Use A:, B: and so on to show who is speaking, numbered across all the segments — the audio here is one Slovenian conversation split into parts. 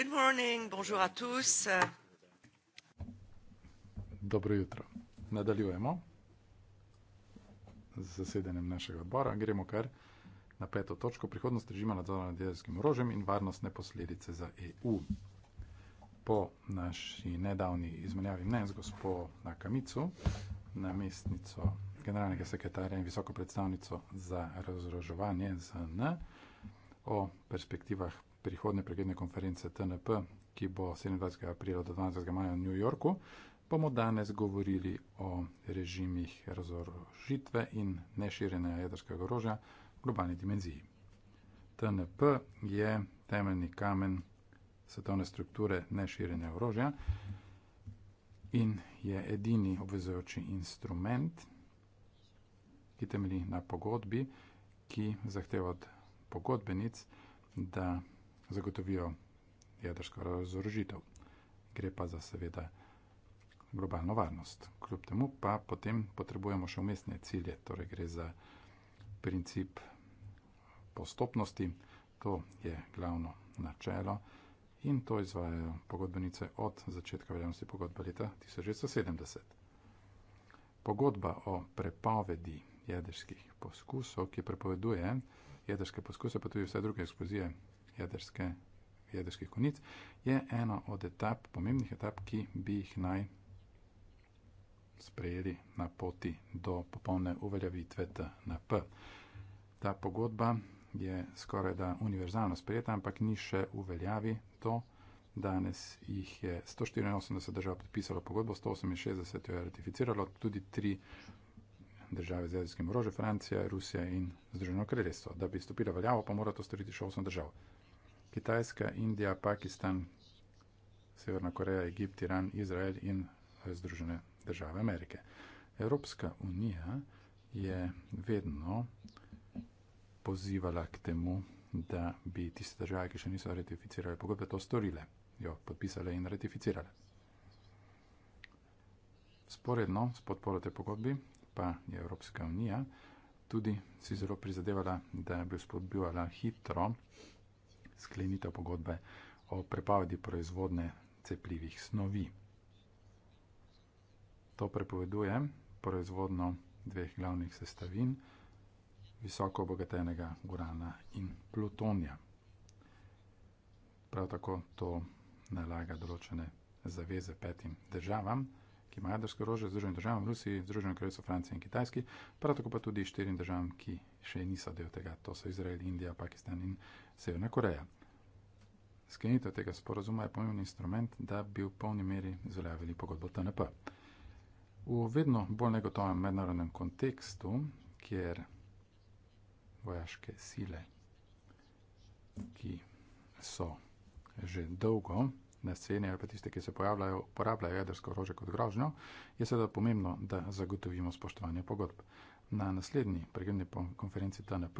A: Good morning, bonjour à tous.
B: Dobro jutro. Nadaljujemo z zasedanjem našega odbora. Gremo kar na peto točko. Prihodnost režima nadzora nad jedrskim orožjem in varnostne posledice za EU. Po naši nedavni izmenjavi mnen z gospod Nakamicu, namestnico generalnega sekretarja in visoko predstavnico za razrožovanje ZN, o perspektivah prihodne pregledne konference TNP, ki bo 27. aprila do 12. maja v New Yorku, bomo danes govorili o režimih razorožitve in neširjenja jedrskega orožja v globalni dimenziji. TNP je temeljni kamen svetovne strukture neširjenja orožja in je edini obvezojoči instrument, ki temelji na pogodbi, ki zahteva od pogodbenic, da zagotovijo jedrsko razorožitev. Gre pa za seveda globalno varnost. Kljub temu pa potem potrebujemo še umestne cilje, torej gre za princip postopnosti, to je glavno načelo in to izvajajo pogodbenice od začetka veljavnosti pogodbe leta 1970. Pogodba o prepovedi jedrskih poskusov, ki prepoveduje jedrske poskuse, pa tudi vse druge eksplozije jedrske, jedrskih konic, je ena od etap, pomembnih etap, ki bi jih naj sprejeli na poti do popolne uveljavitve TNP. Ta pogodba je skoraj da univerzalno sprejeta, ampak ni še uveljavi to. Danes jih je 184 držav podpisalo pogodbo, 168 jo je ratificiralo, tudi tri države z jezikom orožja, Francija, Rusija in Združeno kraljestvo. Da bi stopila veljavo, pa mora to storiti še 8 držav. Kitajska, Indija, Pakistan, Severna Koreja, Egipt, Iran, Izrael in Združene države Amerike. Evropska unija je vedno pozivala k temu, da bi tiste države, ki še niso ratificirale pogodbe, to storile, jo podpisale in ratificirale. Sporedno s podporo te pogodbi pa je Evropska unija tudi si zelo prizadevala, da bi vzpodbujala hitro sklenitev pogodbe o prepovedi proizvodne cepljivih snovi. To prepoveduje proizvodno dveh glavnih sestavin, visoko obogatenega urana in plutonija. Prav tako to nalaga določene zaveze petim državam, ki imajo jedrsko orožje, Združenim državam, Rusiji, Združenem kraljestvu, Franciji in Kitajski, prav tako pa tudi štirim državam, ki še niso del tega. To so Izrael, Indija, Pakistan in Severna Koreja. Sklenitev tega sporozuma je pomemben instrument, da bi v polni meri izveljavili pogodbo TNP. V vedno bolj negotovem mednarodnem kontekstu, kjer vojaške sile, ki so že dolgo na sceni ali pa tiste, ki se pojavljajo, uporabljajo jedrsko orožje kot grožnjo, je seveda pomembno, da zagotovimo spoštovanje pogodb. Na naslednji pregledni konferenci TNP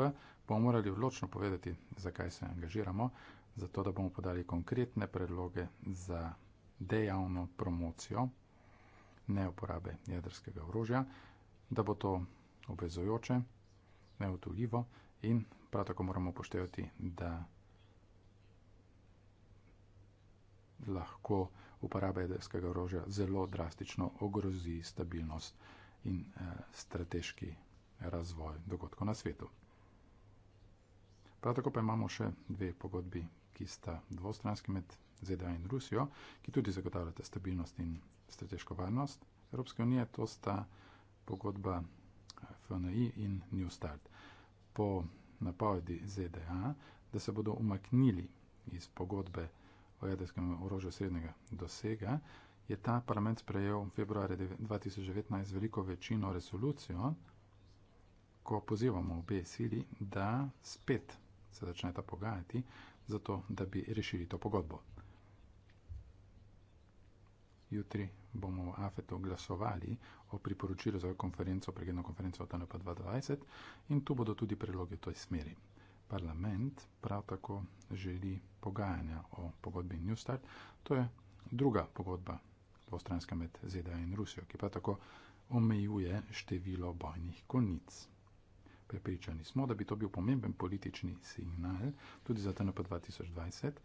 B: bomo morali odločno povedati, zakaj se angažiramo, zato da bomo podali konkretne predloge za dejavno promocijo neuporabe jedrskega orožja, da bo to obvezojoče, neotuljivo in prav tako moramo upoštevati, da lahko uporaba jedrskega orožja zelo drastično ogrozi stabilnost in eh, strateški razvoj dogodkov na svetu. Prav tako pa imamo še dve pogodbi, ki sta dvostranski med ZDA in Rusijo, ki tudi zagotavljata stabilnost in strateško varnost Evropske unije. To sta pogodba eh, FNI in New Start. Po napovedi ZDA, da se bodo umaknili iz pogodbe o jedrskem orožju srednjega dosega, je ta parlament sprejel februarja 2019 veliko večino resolucijo, ko pozivamo obe sili, da spet se začneta pogajati, zato da bi rešili to pogodbo. Jutri bomo v Afetu glasovali o priporočilu za konferenco, pregledno konferenco OTNP 2020 in tu bodo tudi predloge v toj smeri. Parlament prav tako želi pogajanja o pogodbi New Start, to je druga pogodba dvostranska med ZDA in Rusijo, ki pa tako omejuje število bojnih konic. Prepričani smo, da bi to bil pomemben politični signal tudi za TNP 2020,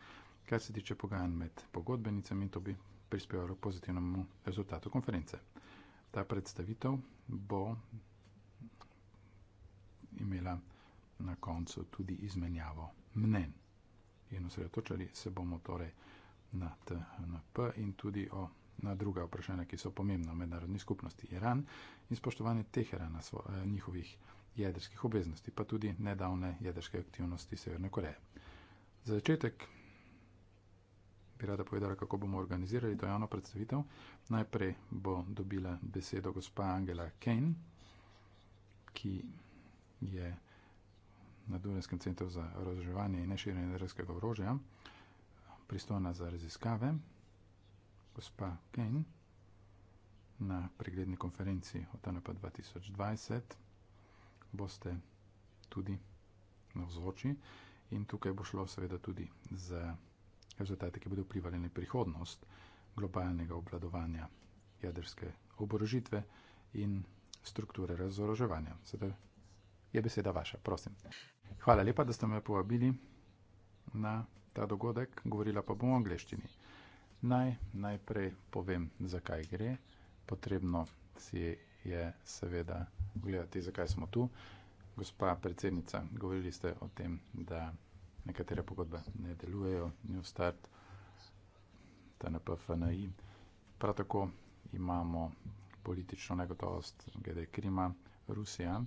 B: kar se tiče pogajanj med pogodbenicami in to bi prispevalo k pozitivnemu rezultatu konference. Ta predstavitev bo imela na koncu tudi izmenjavo mnen. In osredotočali se bomo torej na TNP in tudi o na druga vprašanja, ki so pomembna v mednarodni skupnosti Iran in spoštovanje Teherana, svo, eh, njihovih jedrskih obveznosti, pa tudi nedavne jedrske aktivnosti Severne Koreje. Za začetek bi rada povedala, kako bomo organizirali to javno predstavitev. Najprej bo dobila besedo gospa Angela Kane, ki je na Dunajskem centru za razreževanje in neširjenje jedrskega orožja pristojna za raziskave gospa Kane na pregledni konferenci OTANAPA 2020 boste tudi navzoči in tukaj bo šlo seveda tudi za rezultate, ki bodo vplivali na prihodnost globalnega obladovanja jedrske oborožitve in strukture razoroževanja. Sedaj je beseda vaša, prosim. Hvala lepa, da ste me povabili na ta dogodek, govorila pa bom o angleščini. Naj najprej povem, zakaj gre. Potrebno si je seveda gledati, zakaj smo tu. Gospa predsednica, govorili ste o tem, da nekatere pogodbe ne delujejo, New Start, TNP, FNI. Prav tako imamo politično negotovost glede Krima, Rusija,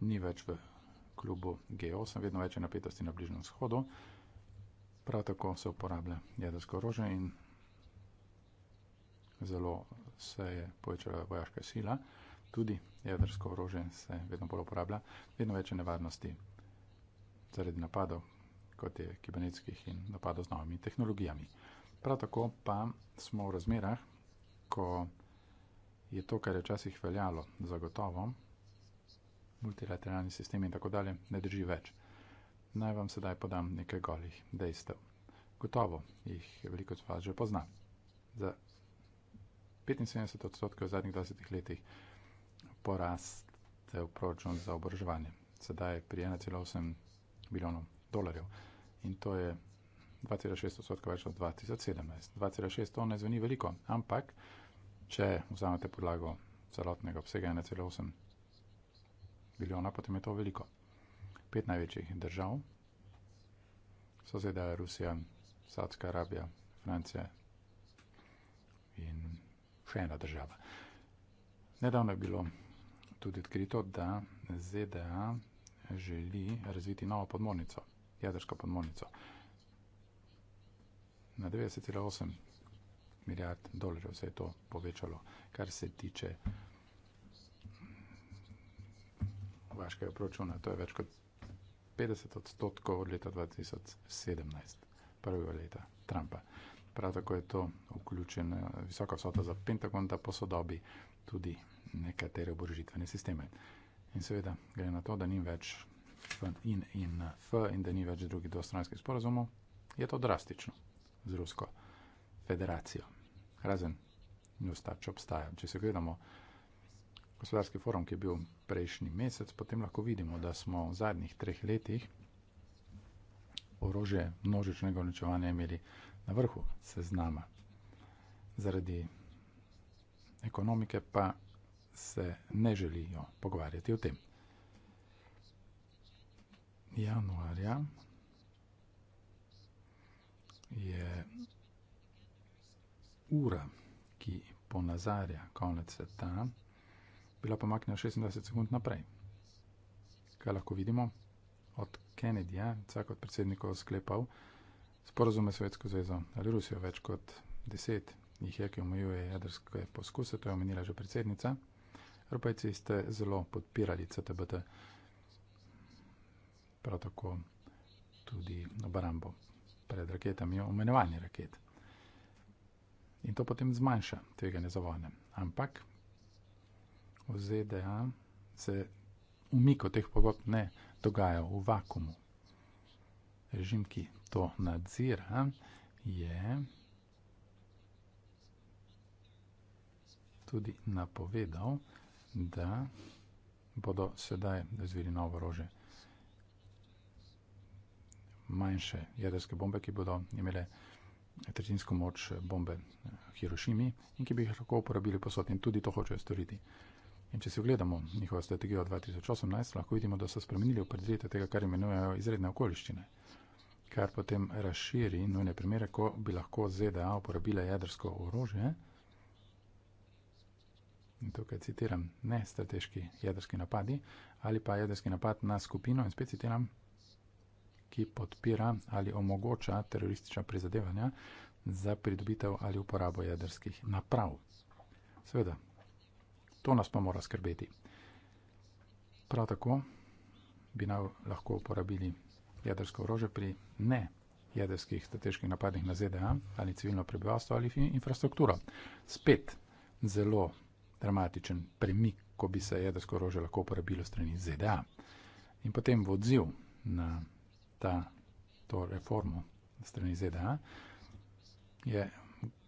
B: ni več v klubu G8, vedno več je napetosti na Bližnjem shodu. Prav tako se uporablja jedrsko orožje in zelo se je povečala vojaška sila, tudi jedrsko orožje se vedno bolj uporablja, vedno več nevarnosti zaradi napadov, kot je kibernetskih in napadov z novimi tehnologijami. Prav tako pa smo v razmerah, ko je to, kar je včasih veljalo za gotovo, multilateralni sistem in tako dalje, ne drži več. Naj vam sedaj podam nekaj golih dejstev. Gotovo jih veliko z vas že pozna. Za 75 odstotkov v zadnjih 20 letih porastel proračun za obroževanje. Sedaj je pri 1,8 milijonov dolarjev in to je 2,6 odstotka več od 2017. 2,6 to ne zveni veliko, ampak če vzamete podlago celotnega obsega 1,8 milijona, potem je to veliko. Pet največjih držav so zdaj Rusija, Sadska Arabija, Francija in še ena država. Nedavno je bilo tudi odkrito, da ZDA želi razviti novo podmornico, jedrsko podmornico na 90,8. Milijard dolarjev se je to povečalo, kar se tiče vašega proračuna. To je več kot 50 odstotkov od leta 2017, prvega leta Trumpa. Prav tako je to vključena visoka vsota za Pentagon, da posodobi tudi nekatere oborožitvene sisteme. In seveda gre na to, da ni več F in, in F in da ni več drugih dvostranskih sporazumov, je to drastično z Rusko federacijo. Razen Newstar, če obstaja. Če se gledamo gospodarski forum, ki je bil prejšnji mesec, potem lahko vidimo, da smo v zadnjih treh letih orože množičnega uničevanja imeli na vrhu seznama. Zaradi ekonomike pa se ne želijo pogovarjati o tem. Januarja je ura, ki ponazarja konec sveta, bila pomaknjena 26 sekund naprej. Kaj lahko vidimo? Od Kennedyja, vsak od predsednikov sklepal, sporozume s Svetsko zvezo ali Rusijo, več kot deset jih je, ki omejuje jedrske poskuse, to je omenila že predsednica. Evropejci ste zelo podpirali CTBT, prav tako tudi obrambo pred raketami, omenjevanje raket. In to potem zmanjša tveganje za vojne. Ampak v ZDA se umiko teh pogodb ne dogaja v vakumu režim, ki to nadzira, je tudi napovedal, da bodo sedaj razvili novo orože. Manjše jedrske bombe, ki bodo imele tretjinsko moč bombe eh, Hirošimi in ki bi jih lahko uporabili posod in tudi to hočejo storiti. In če si ogledamo njihovo strategijo 2018, lahko vidimo, da so spremenili opredelitev tega, kar imenujejo izredne okoliščine kar potem razširi nujne primere, ko bi lahko ZDA uporabila jedrsko orožje. In tukaj citiram, ne strateški jedrski napadi ali pa jedrski napad na skupino in spet citiram, ki podpira ali omogoča teroristična prizadevanja za pridobitev ali uporabo jedrskih naprav. Seveda, to nas pa mora skrbeti. Prav tako bi nam lahko uporabili jedrsko orože pri ne jedrskih strateških napadih na ZDA ali civilno prebivalstvo ali infrastrukturo. Spet zelo dramatičen premik, ko bi se jedrsko orože lahko uporabilo strani ZDA. In potem v odziv na ta, to reformo strani ZDA je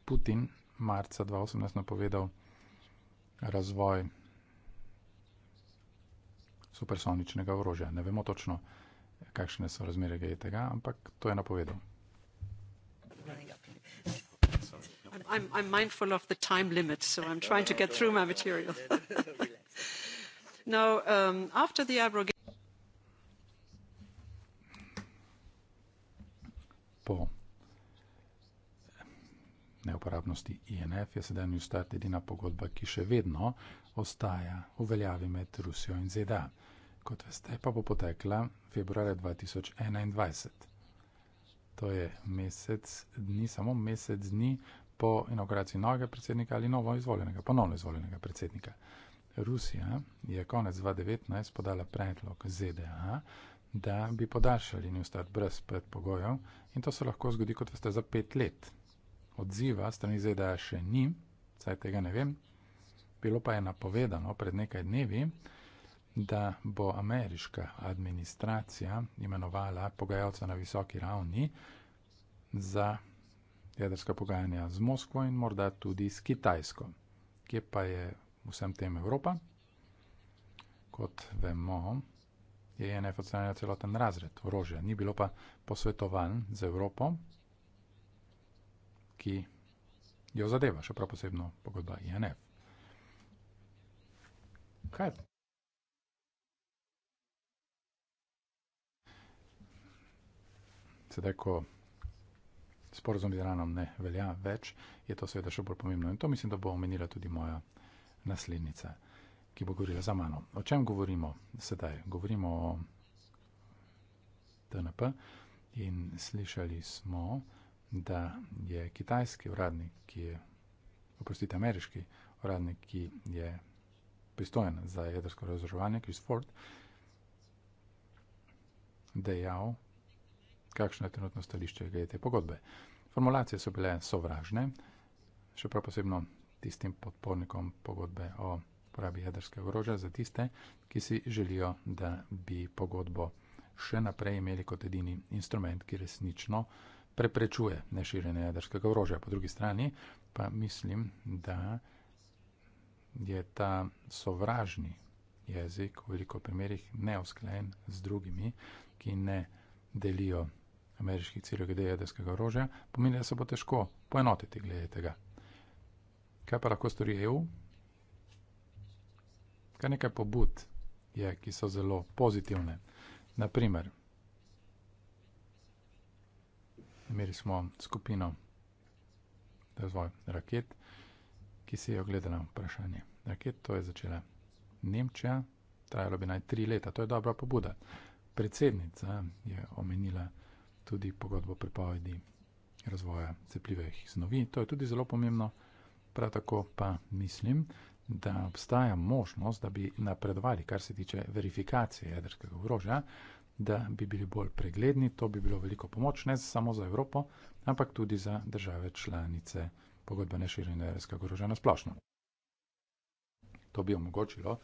B: Putin marca 2018 napovedal razvoj supersoničnega orožja. Ne vemo točno, kakšne so razmere glede tega, ampak to je napovedal.
A: I'm, I'm mindful of the time limit, so I'm trying to get through my material. now, um, after the abrogation.
B: Neoporabnosti INF je sedaj njustat edina pogodba, ki še vedno ostaja v veljavi med Rusijo in ZDA kot veste, pa bo potekla februarja 2021. To je mesec dni, samo mesec dni po inauguraciji novega predsednika ali novo izvoljenega, ponovno izvoljenega predsednika. Rusija je konec 2019 podala predlog ZDA, da bi podaljšali njihov start brez predpogojev in to se lahko zgodi, kot veste, za pet let. Odziva strani ZDA še ni, saj tega ne vem. Bilo pa je napovedano pred nekaj dnevi, da bo ameriška administracija imenovala pogajalca na visoki ravni za jedrska pogajanja z Moskvo in morda tudi s Kitajsko. Kje pa je vsem tem Evropa? Kot vemo, je ENF odstranil celoten razred orožja, ni bilo pa posvetovan z Evropo, ki jo zadeva, še prav posebno pogodba ENF. Kaj? sedaj, ko sporozum z Iranom ne velja več, je to seveda še bolj pomembno. In to mislim, da bo omenila tudi moja naslednica, ki bo govorila za mano. O čem govorimo sedaj? Govorimo o DNP in slišali smo, da je kitajski uradnik, ki je, oprostite, ameriški uradnik, ki je pristojen za jedrsko razoževanje, Chris Ford, dejal, kakšno je trenutno stališče glede te pogodbe. Formulacije so bile sovražne, še prav posebno tistim podpornikom pogodbe o uporabi jedrskega orožja, za tiste, ki si želijo, da bi pogodbo še naprej imeli kot edini instrument, ki resnično preprečuje neširjenje jedrskega orožja. Po drugi strani pa mislim, da je ta sovražni jezik v veliko primerjih neusklajen z drugimi, ki ne delijo ameriških ciljev glede jedrskega orožja, pomeni, da se bo težko poenotiti glede tega. Kaj pa lahko stori EU? Kar nekaj pobud je, ki so zelo pozitivne. Naprimer, imeli smo skupino razvoj raket, ki se je ogledala vprašanje raket, to je začela Nemčija, trajalo bi naj tri leta, to je dobra pobuda. Predsednica je omenila, tudi pogodbo prepovedi razvoja cepljivih snovi. To je tudi zelo pomembno. Prav tako pa mislim, da obstaja možnost, da bi napredovali, kar se tiče verifikacije jedrskega grožja, da bi bili bolj pregledni. To bi bilo veliko pomoč ne samo za Evropo, ampak tudi za države članice pogodbe ne širjenja jedrskega grožja na splošno. To bi omogočilo,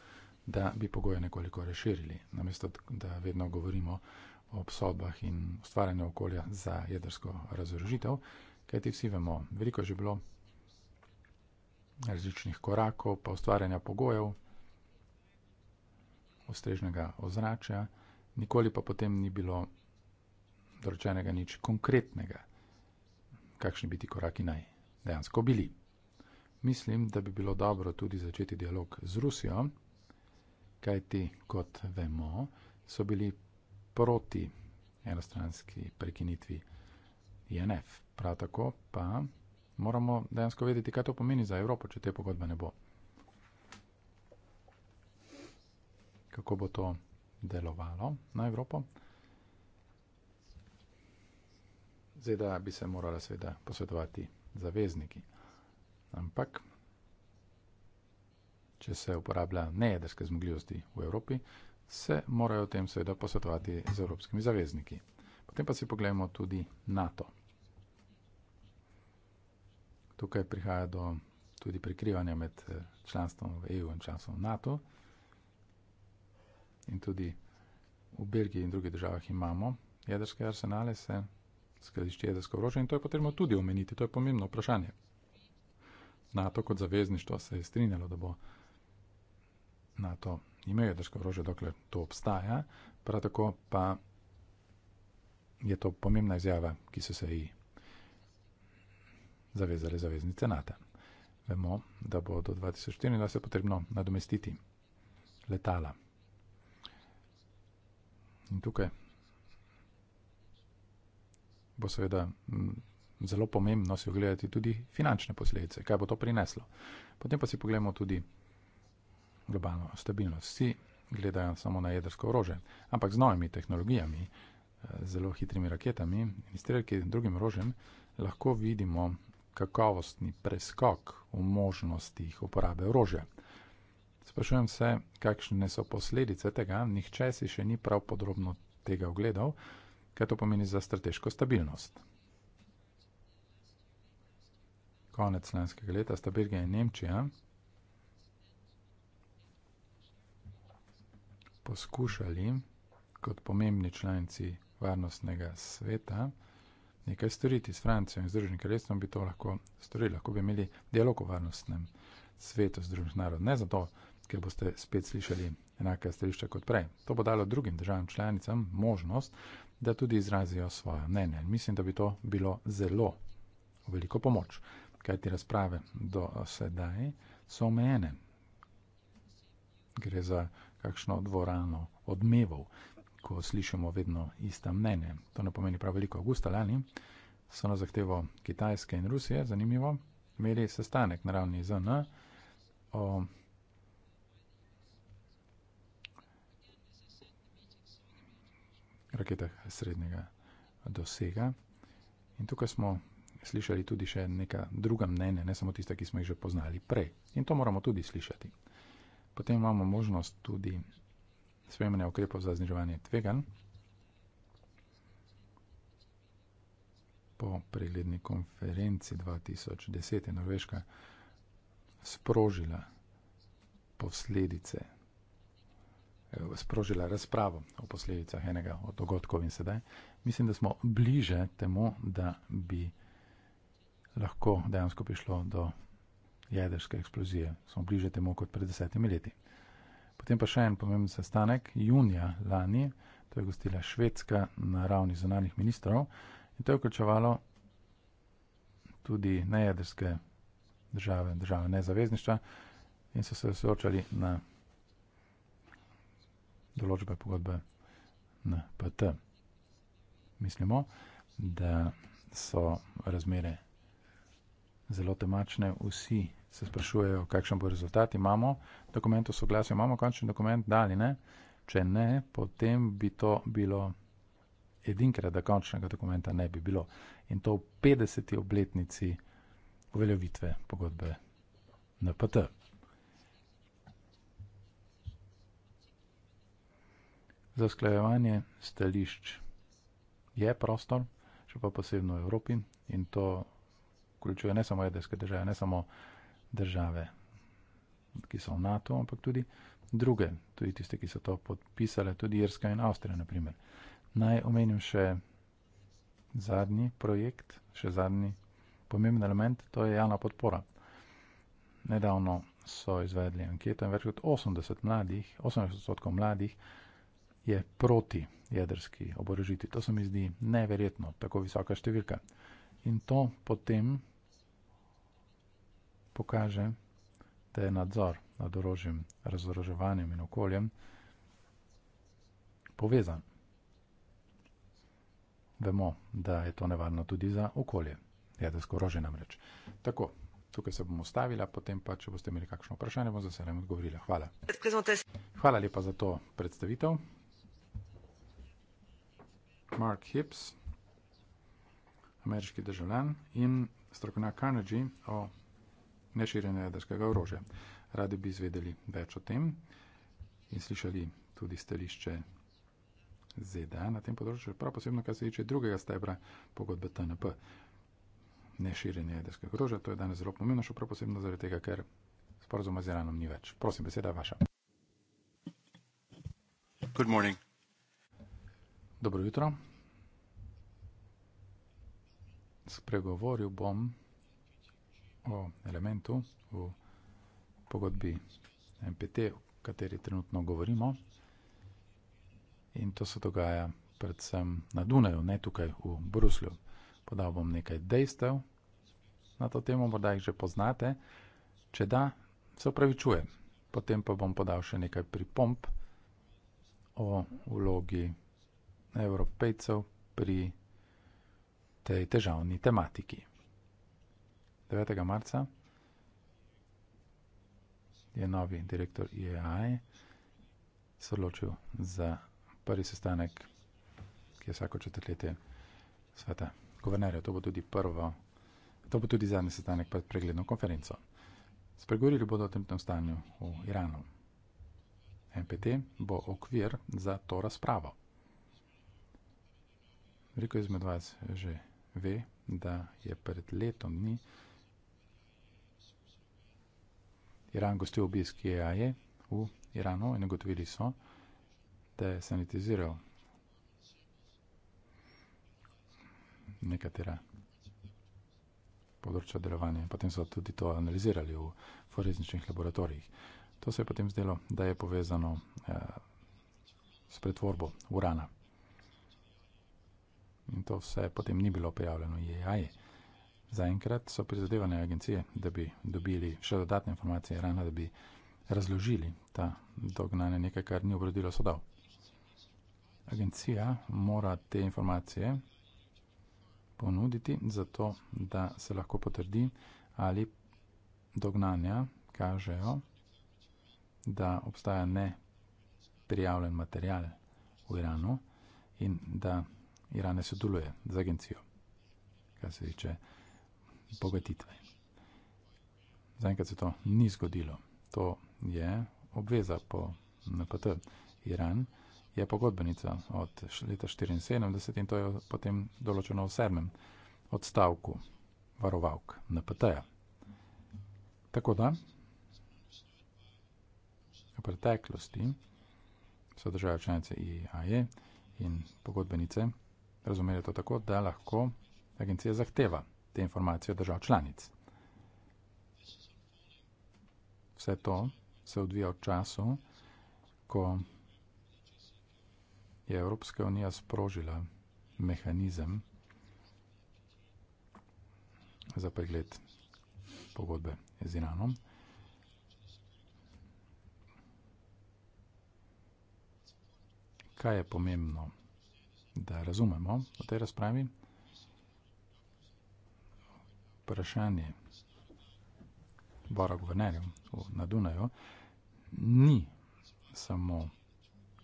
B: da bi pogoje nekoliko razširili, namesto da vedno govorimo obsodbah in ustvarjanju okolja za jedrsko razorožitev, kajti vsi vemo, veliko je že bilo različnih korakov, pa ustvarjanja pogojev, ustrežnega ozračja, nikoli pa potem ni bilo doročenega nič konkretnega, kakšni biti koraki naj dejansko bili. Mislim, da bi bilo dobro tudi začeti dialog z Rusijo, kajti, kot vemo, so bili proti enostranski prekinitvi INF. Prav tako pa moramo dejansko vedeti, kaj to pomeni za Evropo, če te pogodbe ne bo. Kako bo to delovalo na Evropo? Zdaj, bi se morala seveda posvetovati zavezniki. Ampak, če se uporablja nejedrske zmogljivosti v Evropi, se morajo o tem seveda posvetovati z evropskimi zavezniki. Potem pa si pogledamo tudi NATO. Tukaj prihaja do tudi prikrivanja med eh, članstvom v EU in članstvom v NATO. In tudi v Belgiji in drugih državah imamo jedrske arsenale, se skladišče jedrsko vrožje in to je potrebno tudi omeniti, to je pomembno vprašanje. NATO kot zavezništvo se je strinjalo, da bo NATO imajo jedrsko orožje, dokler to obstaja. Prav tako pa je to pomembna izjava, ki so se ji zavezali zaveznice NATO. Vemo, da bo do 2024 potrebno nadomestiti letala. In tukaj bo seveda mm, zelo pomembno si ogledati tudi finančne posledice, kaj bo to prineslo. Potem pa si pogledamo tudi globalno stabilnost. Vsi gledajo samo na jedrsko orože, ampak z novimi tehnologijami, eh, zelo hitrimi raketami in streljki drugim orožjem, lahko vidimo kakovostni preskok v možnostih uporabe orožja. Sprašujem se, kakšne so posledice tega, nihče si še ni prav podrobno tega ogledal, kaj to pomeni za strateško stabilnost. Konec lanskega leta sta Belgija in Nemčija poskušali kot pomembni članici varnostnega sveta nekaj storiti s Francijo in Združenim kraljestvom, bi to lahko storili, lahko bi imeli dialog o varnostnem svetu Združenih narodov. Ne zato, ker boste spet slišali enaka stališča kot prej. To bo dalo drugim državam članicam možnost, da tudi izrazijo svoje mnenje. Mislim, da bi to bilo zelo veliko pomoč, kajti razprave do sedaj so omejene. Gre za kakšno dvorano odmevov, ko slišimo vedno ista mnenja. To ne pomeni prav veliko. Augusta lani so na zahtevo Kitajske in Rusije, zanimivo, imeli sestanek na ravni ZN o raketah srednjega dosega. In tukaj smo slišali tudi še neka druga mnenja, ne samo tista, ki smo jih že poznali prej. In to moramo tudi slišati. Potem imamo možnost tudi sprejemanja ukrepov za zniževanje tveganj po pregledni konferenci 2010 je Norveška sprožila posledice, eh, sprožila razpravo o posledicah enega od dogodkov in sedaj. Mislim, da smo bliže temu, da bi lahko dejansko prišlo do jedrske eksplozije. Smo bliže temu kot pred desetimi leti. Potem pa še en pomemben sestanek junija lani, to je gostila Švedska na ravni zonalnih ministrov in to je vključevalo tudi nejedrske države, države nezavezništva in so se soočali na določbe pogodbe na PT. Mislimo, da so razmere zelo temačne, vsi se sprašujejo, kakšen bo rezultat. Imamo dokument o soglasju, imamo končni dokument, da ali ne. Če ne, potem bi to bilo edinkrat, da končnega dokumenta ne bi bilo. In to v 50. obletnici uveljavitve pogodbe NPT. Za sklajevanje stališč je prostor, še pa posebno v Evropi in to vključuje ne samo jedrske države, ne samo države, ki so v NATO, ampak tudi druge, tudi tiste, ki so to podpisale, tudi Irska in Avstrija, naprimer. Naj omenim še zadnji projekt, še zadnji pomemben element, to je javna podpora. Nedavno so izvedli anketo in več kot 80 mladih, 80 mladih je proti jedrski oborožiti. To se mi zdi neverjetno, tako visoka številka. In to potem, pokaže, da je nadzor nad orožjem, razoroževanjem in okoljem povezan. Vemo, da je to nevarno tudi za okolje, jedrsko orožje namreč. Tako, tukaj se bomo stavila, potem pa, če boste imeli kakšno vprašanje, bom zase nam odgovorila. Hvala. Hvala lepa za to predstavitev. Mark Hips, ameriški državljan in strokovnjak Carnegie o neširjenja jedrskega orožja. Radi bi izvedeli več o tem in slišali tudi stališče ZDA na tem področju, prav posebno, kar se tiče drugega stebra pogodbe TNP. Neširjenje jedrskega orožja, to je danes zelo pomembno, še prav posebno zaradi tega, ker sporozuma z Iranom ni več. Prosim, beseda je vaša. Good morning. Dobro jutro. Spregovoril bom o elementu v pogodbi MPT, o kateri trenutno govorimo. In to se dogaja predvsem na Dunaju, ne tukaj v Bruslju. Podal bom nekaj dejstev na to temo, morda jih že poznate. Če da, se upravičujem. Potem pa bom podal še nekaj pripomp o vlogi evropejcev pri tej težavni tematiki. 9. marca je novi direktor IEA-je se odločil za prvi sestanek, ki je vsako četrtletje sveta guvernerja. To bo tudi prvo, to bo tudi zadnji sestanek pred pregledno konferenco. Spregovorili bodo o temtnem stanju v Iranu. NPT bo okvir za to razpravo. Veliko izmed vas že ve, da je pred letom dni Iran gostil obisk IAE e v Iranu in ugotovili so, da je sanitiziral nekatera področja delovanja. Potem so tudi to analizirali v forenzičnih laboratorijih. To se je potem zdelo, da je povezano eh, s pretvorbo urana. In to vse potem ni bilo prijavljeno IAE. Zaenkrat so prizadevanja agencije, da bi dobili še dodatne informacije rana, da bi razložili ta dognanje nekaj, kar ni obrodilo sodov. Agencija mora te informacije ponuditi zato, da se lahko potrdi, ali dognanja kažejo, da obstaja neprijavljen material v Iranu in da Iran ne sodeluje z agencijo, kar se tiče bogatitve. Zaenkrat se to ni zgodilo. To je obveza po NPT. Iran je pogodbenica od leta 1974 in to je potem določeno v sedmem odstavku varovalk NPT-ja. Tako da, v preteklosti so države članice IAE in pogodbenice razumeli to tako, da lahko agencija zahteva te informacije držav članic. Vse to se odvija v času, ko je Evropska unija sprožila mehanizem za pregled pogodbe z Iranom. Kaj je pomembno, da razumemo v tej razpravi? vprašanje Bora Guvernerju na Dunaju ni samo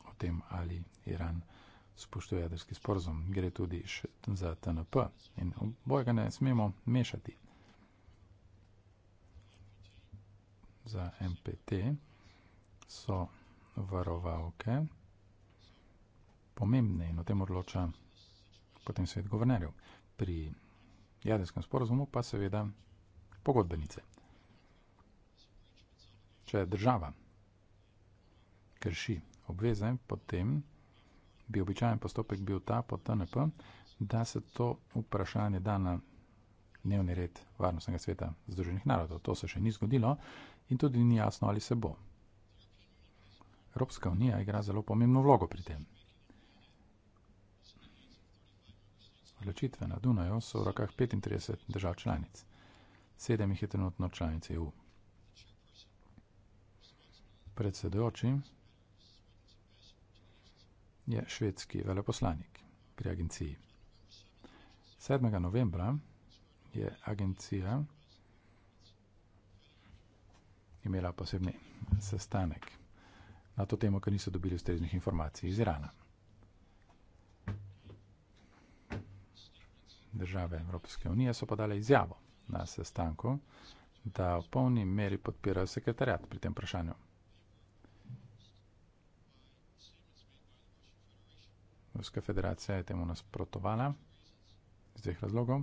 B: o tem, ali Iran spoštuje jedrski sporozum, gre tudi za TNP in obojega ne smemo mešati. Za MPT so varovalke pomembne in o tem odloča potem svet guvernerjev. Pri jedrskem sporozumu pa seveda pogodbenice. Če država krši obveze, potem bi običajen postopek bil ta po TNP, da se to vprašanje da na dnevni red Varnostnega sveta Združenih narodov. To se še ni zgodilo in tudi ni jasno, ali se bo. Evropska unija igra zelo pomembno vlogo pri tem. odločitve na Dunaju so v rokah 35 držav članic. Sedem jih je trenutno članic EU. Predsedojočim je švedski veleposlanik pri agenciji. 7. novembra je agencija imela posebni sestanek na to temo, ker niso dobili ustreznih informacij iz Irana. države Evropske unije so pa dale izjavo na sestanku, da v polni meri podpirajo sekretarjat pri tem vprašanju. Ruska federacija je temu nasprotovala iz dveh razlogov.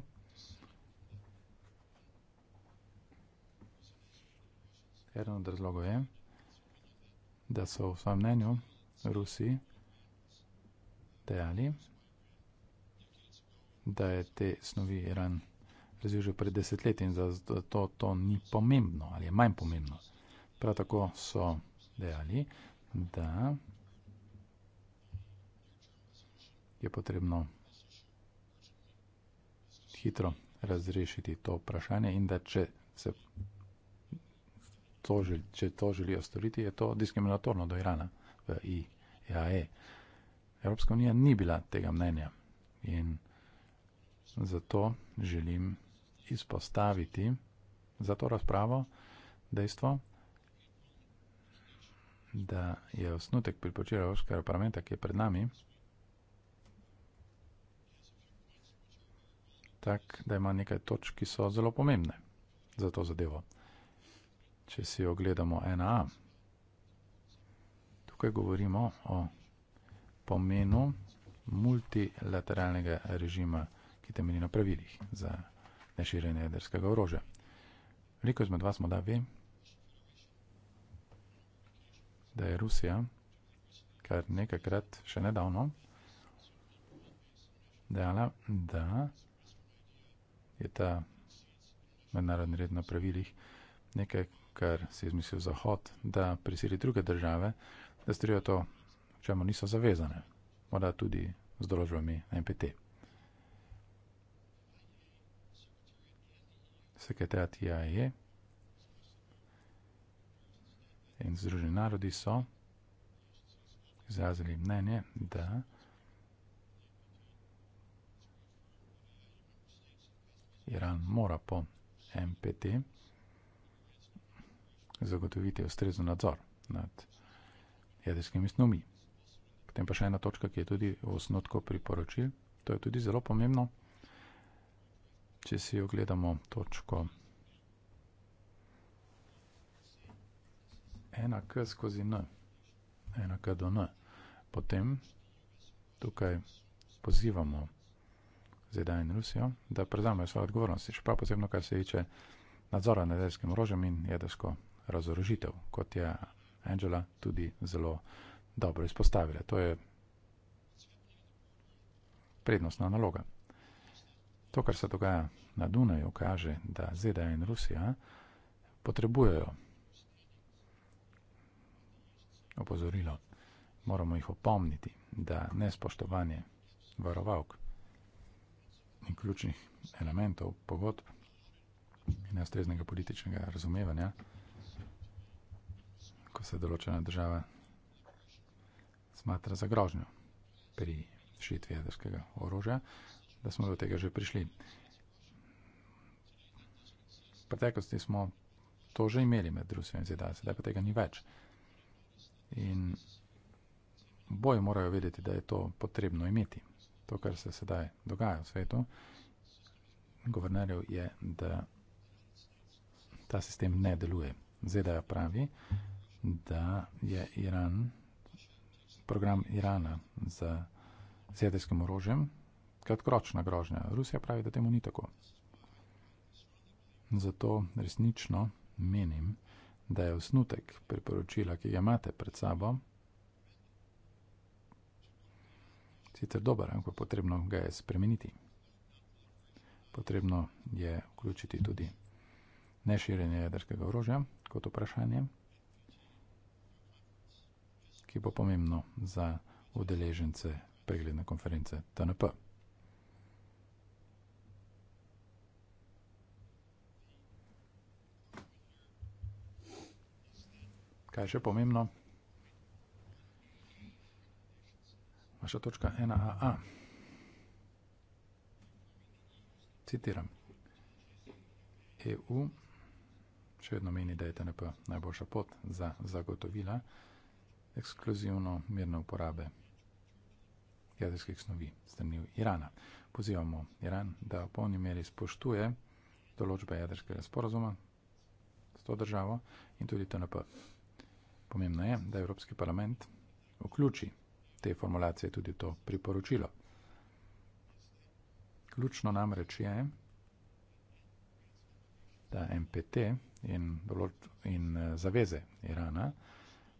B: Eden od razlogov je, da so v svojem mnenju Rusi dejali, da je te snovi Iran razvil že pred desetletji in zato to, to ni pomembno ali je manj pomembno. Prav tako so dejali, da je potrebno hitro razrešiti to vprašanje in da če se. To želi, če to želijo storiti, je to diskriminatorno do Irana v IAE. Evropska unija ni bila tega mnenja in Zato želim izpostaviti za to razpravo dejstvo, da je osnutek pripočila Evropskega parlamenta, ki je pred nami, tak, da ima nekaj točk, ki so zelo pomembne za to zadevo. Če si ogledamo 1a, tukaj govorimo o pomenu multilateralnega režima ki temelji na pravilih za neširjenje jedrskega orožja. Veliko izmed vas morda ve, da je Rusija kar nekajkrat še nedavno dejala, da je ta mednarodni red na pravilih nekaj, kar si izmislil Zahod, da prisili druge države, da storijo to, čemu niso zavezane, morda tudi z določbami NPT. vse, kaj teda TIA je. In Združeni narodi so izrazili mnenje, da Iran mora po MPT zagotoviti ustrezno nadzor nad jedrskimi snumi. Potem pa še ena točka, ki je tudi v osnotku priporočil. To je tudi zelo pomembno če si ogledamo točko 1 k skozi n, 1 k do n. Potem tukaj pozivamo ZDA in Rusijo, da prezamejo svoje odgovornosti, še prav posebno, kar se viče nadzora nad jedrskim orožjem in jedrsko razorožitev, kot je Angela tudi zelo dobro izpostavila. To je prednostna naloga. To, kar se dogaja na Dunaju, kaže, da ZDA in Rusija potrebujejo opozorilo. Moramo jih opomniti, da nespoštovanje varovalk in ključnih elementov pogodb in nastreznega političnega razumevanja, ko se določena država smatra za grožnjo pri šitvi jedrskega orožja, da smo do tega že prišli. V preteklosti smo to že imeli med drusvim zidom, sedaj pa tega ni več. In boji morajo vedeti, da je to potrebno imeti. To, kar se sedaj dogaja v svetu, govornarjev je, da ta sistem ne deluje. ZDA pravi, da je Iran, program Irana z jedrskim orožjem, kratkoročna grožnja. Rusija pravi, da temu ni tako. Zato resnično menim, da je osnutek priporočila, ki ga imate pred sabo, sicer dober, ampak potrebno ga je spremeniti. Potrebno je vključiti tudi neširjenje jedrskega orožja kot vprašanje, ki bo pomembno za udeležence pregledne konference TNP. Kaj še pomembno? Vaša točka 1AA. Citiram. EU še vedno meni, da je TNP najboljša pot za zagotovila ekskluzivno mirne uporabe jedrskih snovi strani Irana. Pozivamo Iran, da v polni meri spoštuje določbe jedrskega sporazuma s to državo in tudi TNP. Pomembno je, da Evropski parlament vključi te formulacije tudi to priporočilo. Ključno namreč je, da MPT in, in eh, zaveze Irana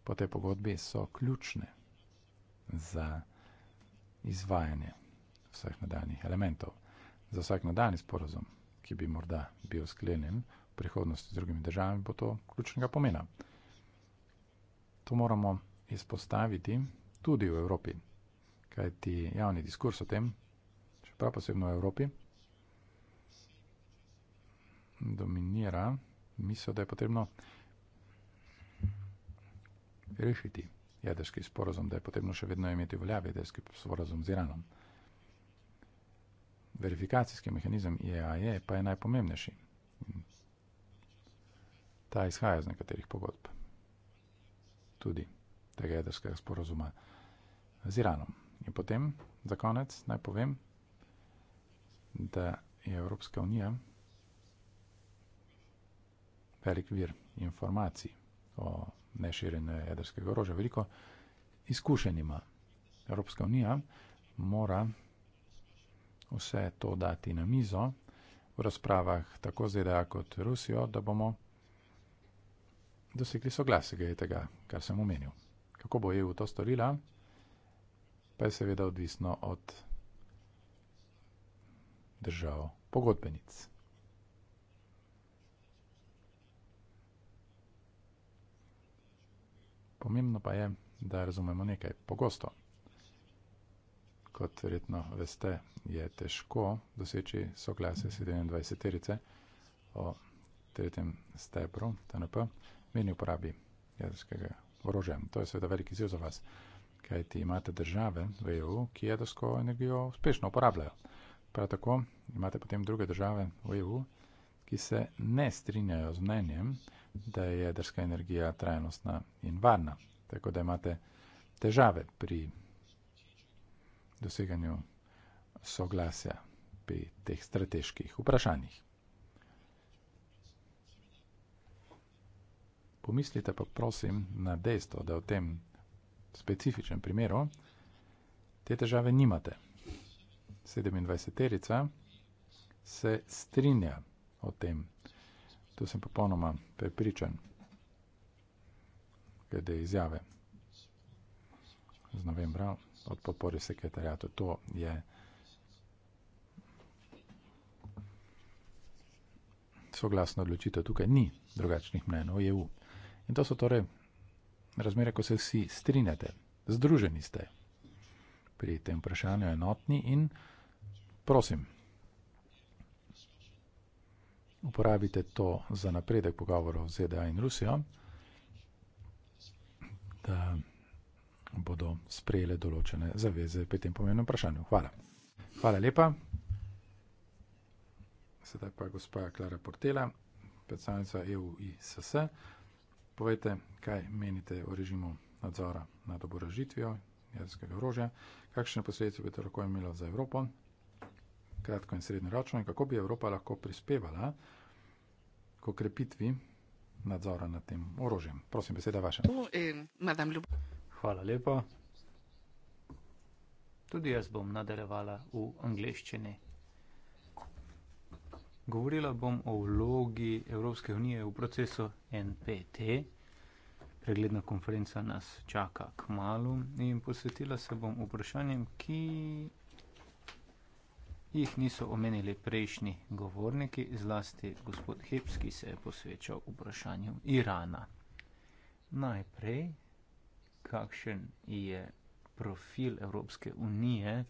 B: po tej pogodbi so ključne za izvajanje vseh nadaljnih elementov. Za vsak nadaljni sporozum, ki bi morda bil sklenjen v prihodnosti z drugimi državami, bo to ključnega pomena. To moramo izpostaviti tudi v Evropi, kajti javni diskurs o tem, čeprav posebno v Evropi, dominira misel, da je potrebno rešiti jedrski sporozum, da je potrebno še vedno imeti veljavi jedrski sporozum z Iranom. Verifikacijski mehanizem IAE pa je najpomembnejši. Ta izhaja iz nekaterih pogodb tudi tega jedrskega sporozuma z Iranom. In potem, za konec, naj povem, da je Evropska unija velik vir informacij o neširjenju jedrskega orožja. Veliko izkušenj ima. Evropska unija mora vse to dati na mizo v razpravah tako ZDA kot Rusijo, da bomo dosegli soglasje glede tega, kar sem omenil. Kako bo EU to storila, pa je seveda odvisno od držav pogodbenic. Pomembno pa je, da razumemo nekaj pogosto. Kot verjetno veste, je težko doseči soglasje 27-terice o tretjem stebru TNP. Te meni uporabi jedrskega orožja. To je seveda veliki izziv za vas, kajti imate države v EU, ki jedrsko energijo uspešno uporabljajo. Prav tako imate potem druge države v EU, ki se ne strinjajo z mnenjem, da je jedrska energija trajnostna in varna. Tako da imate težave pri doseganju soglasja pri teh strateških vprašanjih. Pomislite pa prosim na dejstvo, da v tem specifičnem primeru te težave nimate. 27-terica se strinja o tem. Tu sem popolnoma prepričan glede izjave. Z novembra od podpori sekretarjata. To je soglasno odločitev. Tukaj ni drugačnih mnen o EU. In to so torej razmere, ko se vsi strinjate, združeni ste pri tem vprašanju, enotni in prosim, uporabite to za napredek pogovorov ZDA in Rusijo, da bodo sprejele določene zaveze pri tem pomembnem vprašanju. Hvala. Hvala lepa. Sedaj pa gospa Klara Portela, predstavnica EU in SS. Povejte, kaj menite o režimu nadzora nad oborožitvijo jedrskega orožja, kakšne posledice bi to lahko imelo za Evropo, kratko in srednjeročno, in kako bi Evropa lahko prispevala k okrepitvi nadzora nad tem orožjem. Prosim, beseda vaša. Hvala lepa.
C: Tudi jaz bom nadaljevala v angleščini. Govorila bom o vlogi Evropske unije v procesu NPT. Pregledna konferenca nas čaka k malu in posvetila se bom vprašanjem, ki jih niso omenili prejšnji govorniki, zlasti gospod Hips, ki se je posvečal vprašanju Irana. Najprej, kakšen je profil Evropske unije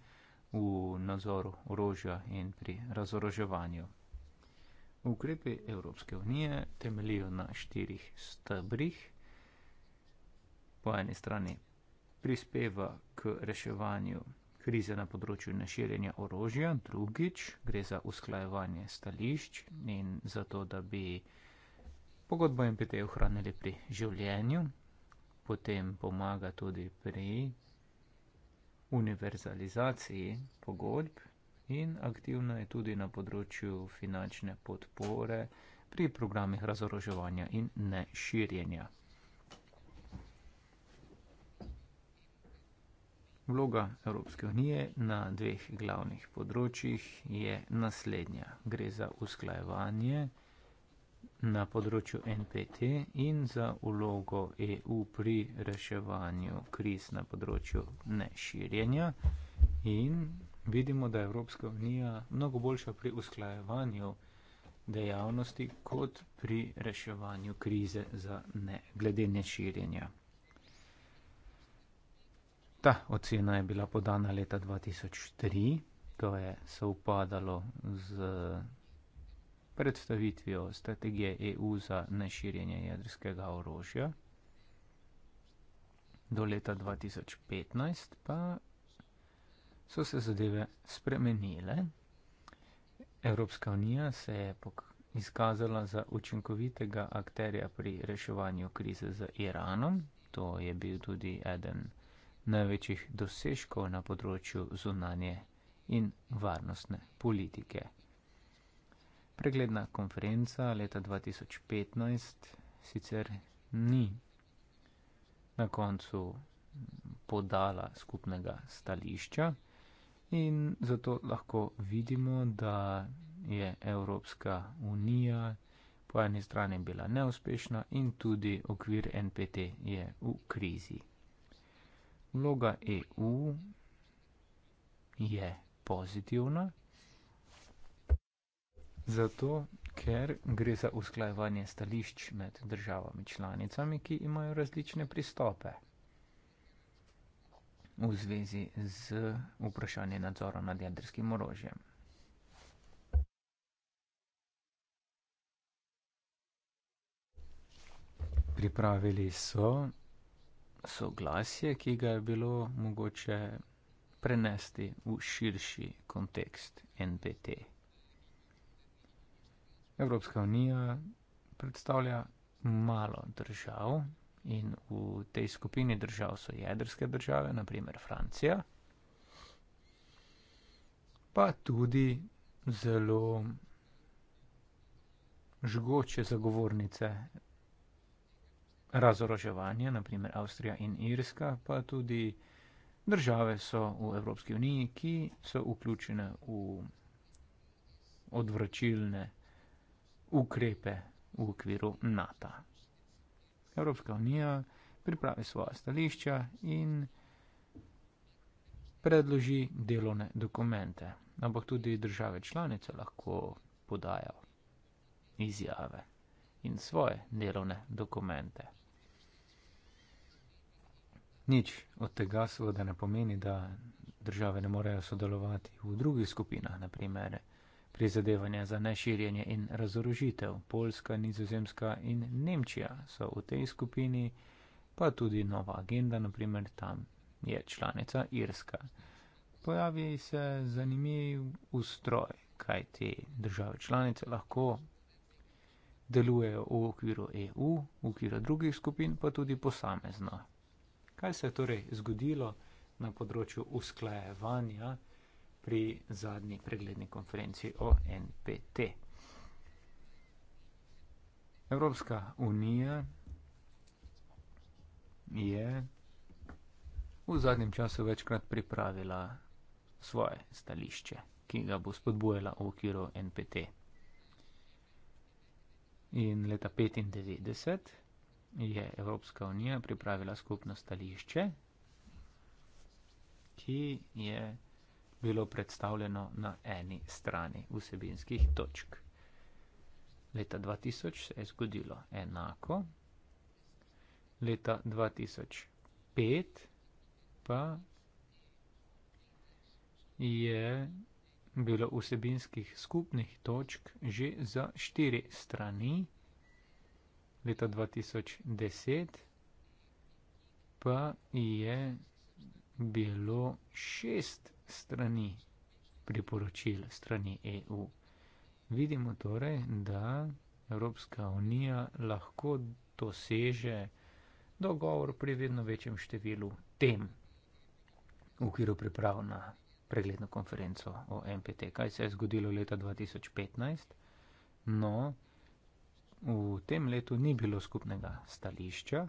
C: v nadzoru orožja in pri razoroževanju Ukrepi Evropske unije temeljijo na štirih stebrih. Po eni strani prispeva k reševanju krize na področju neširjenja orožja, drugič gre za usklajevanje stališč in za to, da bi pogodbo MPT ohranili pri življenju, potem pomaga tudi pri univerzalizaciji pogodb in aktivna je tudi na področju finančne podpore pri programih razoroževanja in ne širjenja. Vloga Evropske unije na dveh glavnih področjih je naslednja. Gre za usklajevanje na področju NPT in za vlogo EU pri reševanju kriz na področju neširjenja in vidimo, da je Evropska unija mnogo boljša pri usklajevanju dejavnosti kot pri reševanju krize za ne, glede neširjenja. Ta ocena je bila podana leta 2003, ko je se upadalo z predstavitvijo strategije EU za neširjenje jedrskega orožja. Do leta 2015 pa so se zadeve spremenile. Evropska unija se je izkazala za učinkovitega akterja pri reševanju krize z Iranom. To je bil tudi eden največjih dosežkov na področju zunanje in varnostne politike. Pregledna konferenca leta 2015 sicer ni na koncu podala skupnega stališča, In zato lahko vidimo, da je Evropska unija po eni strani bila neuspešna in tudi okvir NPT je v krizi. Vloga EU je pozitivna, zato ker gre za usklajevanje stališč med državami članicami, ki imajo različne pristope v zvezi z vprašanjem nadzora nad jedrskim orožjem. Pripravili so soglasje, ki ga je bilo mogoče prenesti v širši kontekst NPT. Evropska unija predstavlja malo držav, In v tej skupini držav so jedrske države, naprimer Francija, pa tudi zelo žgoče zagovornice razoroževanja, naprimer Avstrija in Irska, pa tudi države so v Evropski uniji, ki so vključene v odvračilne ukrepe v okviru NATO. Evropska unija pripravi svoje stališča in predloži delovne dokumente. Ampak tudi države članice lahko podajo izjave in svoje delovne dokumente. Nič od tega seveda ne pomeni, da države ne morejo sodelovati v drugih skupinah, naprimer Prizadevanja za neširjenje in razorožitev Poljska, Nizozemska in Nemčija so v tej skupini, pa tudi nova agenda, naprimer tam je članica Irska. Pojavi se zanimiv ustroj, kaj te države članice lahko delujejo v okviru EU, v okviru drugih skupin, pa tudi posamezno. Kaj se je torej zgodilo na področju usklajevanja? pri zadnji pregledni konferenci o NPT. Evropska unija je v zadnjem času večkrat pripravila svoje stališče, ki ga bo spodbujala v okviru NPT. In leta 1995 je Evropska unija pripravila skupno stališče, ki je bilo predstavljeno na eni strani vsebinskih točk. Leta 2000 se je zgodilo enako, leta 2005 pa je bilo vsebinskih skupnih točk že za štiri strani, leta 2010 pa je bilo šest strani priporočil, strani EU. Vidimo torej, da Evropska unija lahko doseže dogovor pri vedno večjem številu tem v okviru priprav na pregledno konferenco o MPT. Kaj se je zgodilo leta 2015? No, v tem letu ni bilo skupnega stališča.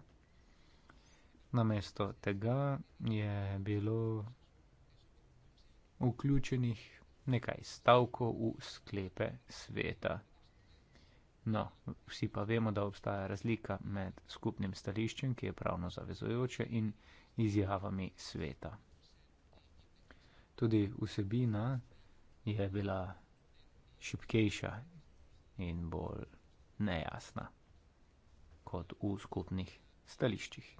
C: Namesto tega je bilo vključenih nekaj stavkov v sklepe sveta. No, vsi pa vemo, da obstaja razlika med skupnim stališčem, ki je pravno zavezojoče, in izjavami sveta. Tudi vsebina je bila šipkejša in bolj nejasna kot v skupnih stališčih.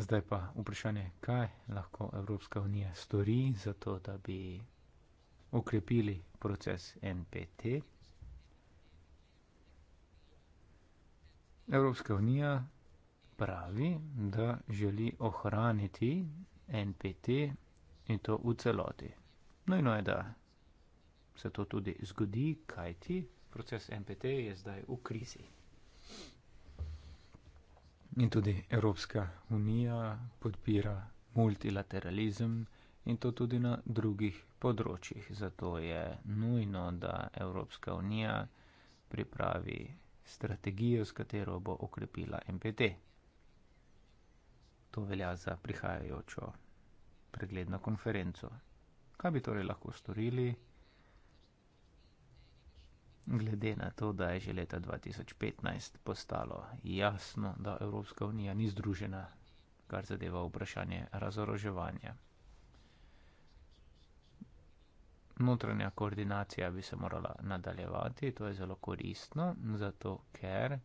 C: Zdaj pa vprašanje, kaj lahko Evropska unija stori za to, da bi ukrepili proces NPT. Evropska unija pravi, da želi ohraniti NPT in to v celoti. Nojno je, da se to tudi zgodi, kajti proces NPT je zdaj v krizi. In tudi Evropska unija podpira multilateralizem in to tudi na drugih področjih. Zato je nujno, da Evropska unija pripravi strategijo, s katero bo okrepila MPT. To velja za prihajajočo pregledno konferenco. Kaj bi torej lahko storili? glede na to, da je že leta 2015 postalo jasno, da Evropska unija ni združena, kar zadeva vprašanje razoroževanja. Notranja koordinacija bi se morala nadaljevati, to je zelo koristno, zato ker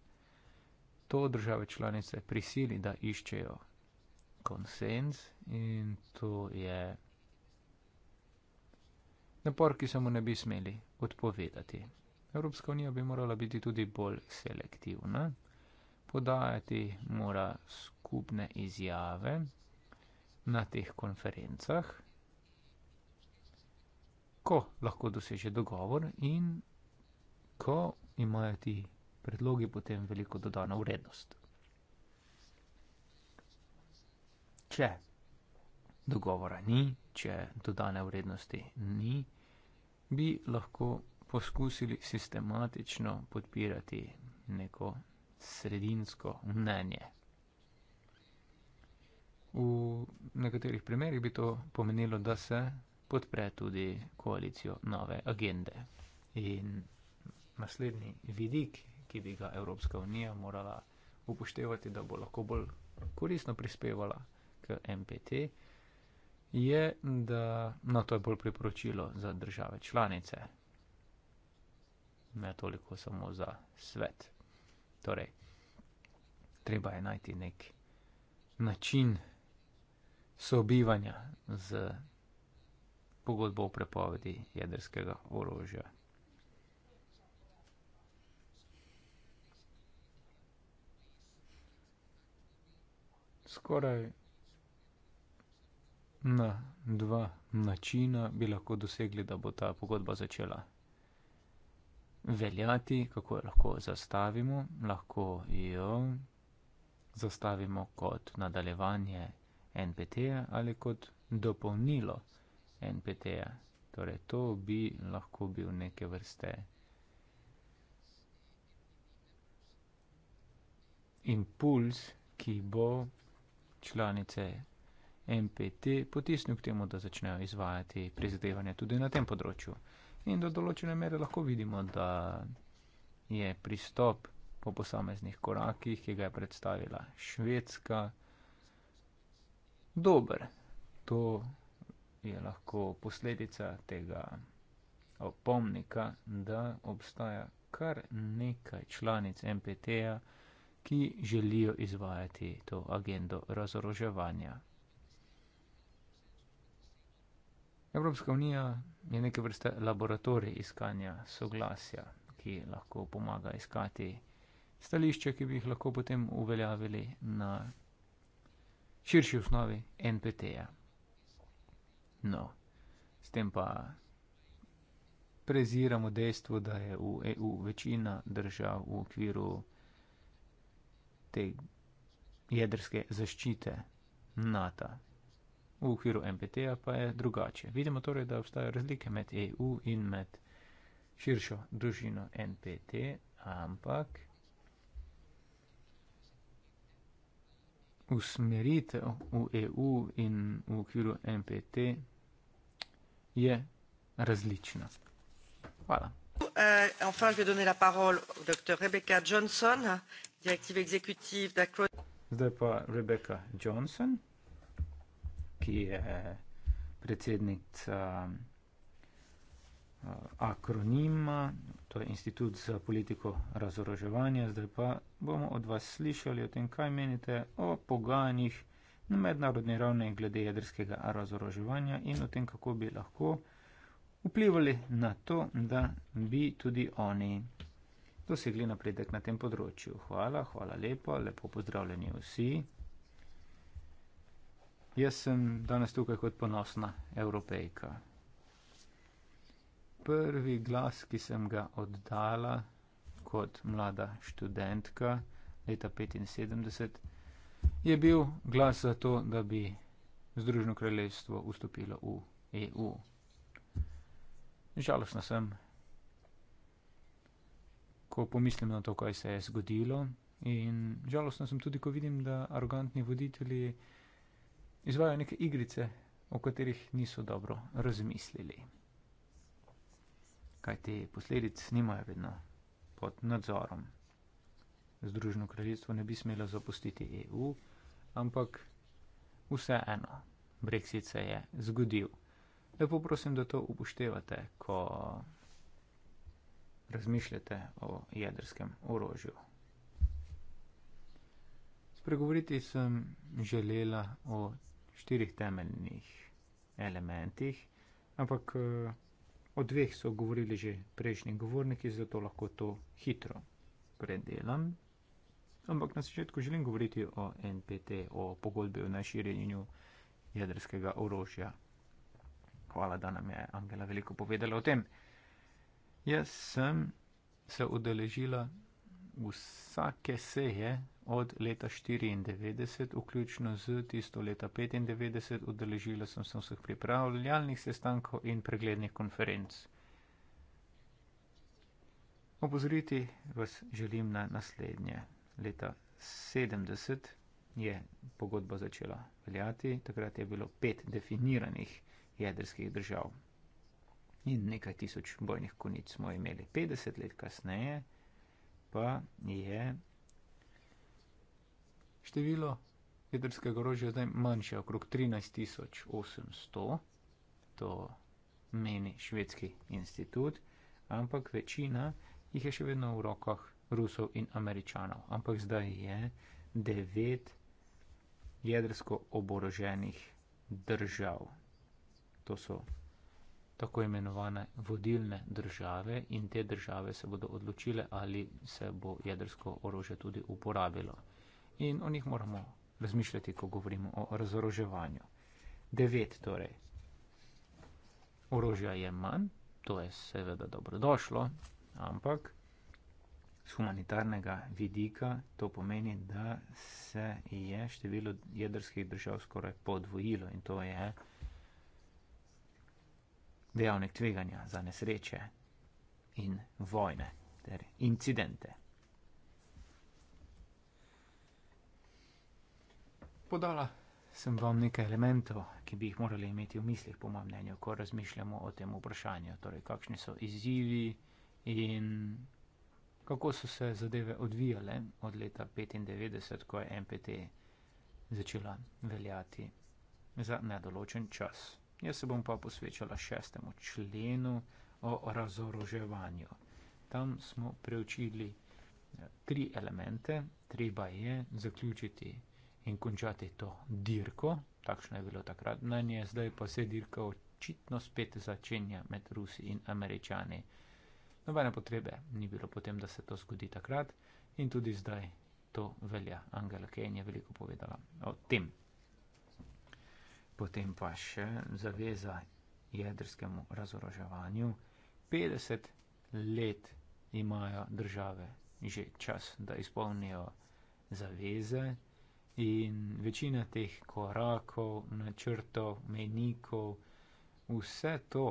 C: to države članice prisili, da iščejo konsens in to je napor, ki se mu ne bi smeli odpovedati. Evropska unija bi morala biti tudi bolj selektivna, podajati mora skupne izjave na teh konferencah, ko lahko doseže dogovor in ko imajo ti predlogi potem veliko dodano vrednost. Če dogovora ni, če dodane vrednosti ni, bi lahko poskusili sistematično podpirati neko sredinsko mnenje. V nekaterih primerjih bi to pomenilo, da se podpre tudi koalicijo nove agende. In naslednji vidik, ki bi ga Evropska unija morala upoštevati, da bo lahko bolj koristno prispevala k MPT, je, da na no, to je bolj priporočilo za države članice ne toliko samo za svet. Torej, treba je najti nek način sobivanja z pogodbo o prepovedi jedrskega orožja. Skoraj na dva načina bi lahko dosegli, da bo ta pogodba začela veljati, kako jo lahko zastavimo. Lahko jo zastavimo kot nadaljevanje NPT-ja ali kot dopolnilo NPT-ja. Torej, to bi lahko bil neke vrste impuls, ki bo članice NPT potisnil k temu, da začnejo izvajati prizadevanja tudi na tem področju. In do določene mere lahko vidimo, da je pristop po posameznih korakih, ki ga je predstavila Švedska, dober. To je lahko posledica tega opomnika, da obstaja kar nekaj članic MPT-ja, ki želijo izvajati to agendo razoroževanja Evropska unija je neke vrste laboratorij iskanja soglasja, ki lahko pomaga iskati stališče, ki bi jih lahko potem uveljavili na širši osnovi NPT-ja. No, s tem pa preziramo dejstvo, da je v EU večina držav v okviru te jedrske zaščite NATO v okviru MPT-a pa je drugače. Vidimo torej, da obstajajo razlike med EU in med širšo družino NPT, ampak usmeritev v EU in v okviru MPT je različna. Hvala.
A: Eh, enfin, je vais donner la parole au docteur Rebecca Johnson, directive
B: exécutive d'Acro.
C: Zdaj pa Rebecca Johnson ki je predsednica eh, akronima, to je Institut za politiko razoroževanja. Zdaj pa bomo od vas slišali o tem, kaj menite o pogajanjih na mednarodni ravni glede jedrskega razoroževanja in o tem, kako bi lahko vplivali na to, da bi tudi oni dosegli napredek na tem področju. Hvala, hvala lepa, lepo pozdravljeni vsi. Jaz sem danes tukaj kot ponosna evropejka. Prvi glas, ki sem ga oddala kot mlada študentka leta 1975, je bil glas za to, da bi Združeno kraljestvo vstopilo v EU. Žalostna sem, ko pomislim na to, kaj se je zgodilo, in žalostna sem tudi, ko vidim, da arrogantni voditelji izvajo neke igrice, o katerih niso dobro razmislili. Kaj te posledic nimajo vedno pod nadzorom. Združeno kraljestvo ne bi smelo zapustiti EU, ampak vseeno, Brexit se je zgodil. Lepo prosim, da to upoštevate, ko razmišljate o jedrskem orožju. Spregovoriti sem želela o štirih temeljnih elementih, ampak eh, o dveh so govorili že prejšnji govorniki, zato lahko to hitro predelam. Ampak na začetku želim govoriti o NPT, o pogodbi o najširjenju jedrskega orožja. Hvala, da nam je Angela veliko povedala o tem. Jaz sem se udeležila vsake seje od leta 1994, vključno z tisto leta 1995, udeležila sem se vseh pripravljalnih sestankov in preglednih konferenc. Opozoriti vas želim na naslednje. Leta 1970 je pogodba začela veljati, takrat je bilo pet definiranih jedrskih držav in nekaj tisoč bojnih konic smo imeli. 50 let kasneje pa je število jedrskega orožja zdaj manjše, okrog 13.800, to meni švedski institut, ampak večina jih je še vedno v rokah Rusov in Američanov. Ampak zdaj je devet jedrsko oboroženih držav. To so tako imenovane vodilne države in te države se bodo odločile, ali se bo jedrsko orožje tudi uporabilo in o njih moramo razmišljati, ko govorimo o razoroževanju. Devet torej. Orožja je manj, to je seveda dobrodošlo, ampak z humanitarnega vidika to pomeni, da se je število jedrskih držav skoraj podvojilo in to je dejavnik tveganja za nesreče in vojne ter incidente. podala? Sem vam nekaj elementov, ki bi jih morali imeti v mislih, po mojem mnenju, ko razmišljamo o tem vprašanju. Torej, kakšni so izzivi in kako so se zadeve odvijale od leta 1995, ko je MPT začela veljati za nedoločen čas. Jaz se bom pa posvečala šestemu členu o razoroževanju. Tam smo preučili eh, tri elemente, treba je zaključiti in končati to dirko, takšno je bilo takrat mnenje, zdaj pa se dirka očitno spet začenja med Rusi in Američani. Nobene potrebe ni bilo potem, da se to zgodi takrat in tudi zdaj to velja. Angela Kane je veliko povedala o tem. Potem pa še zaveza jedrskemu razoroževanju. 50 let imajo države že čas, da izpolnijo zaveze. In večina teh korakov, načrtov, menikov, vse to.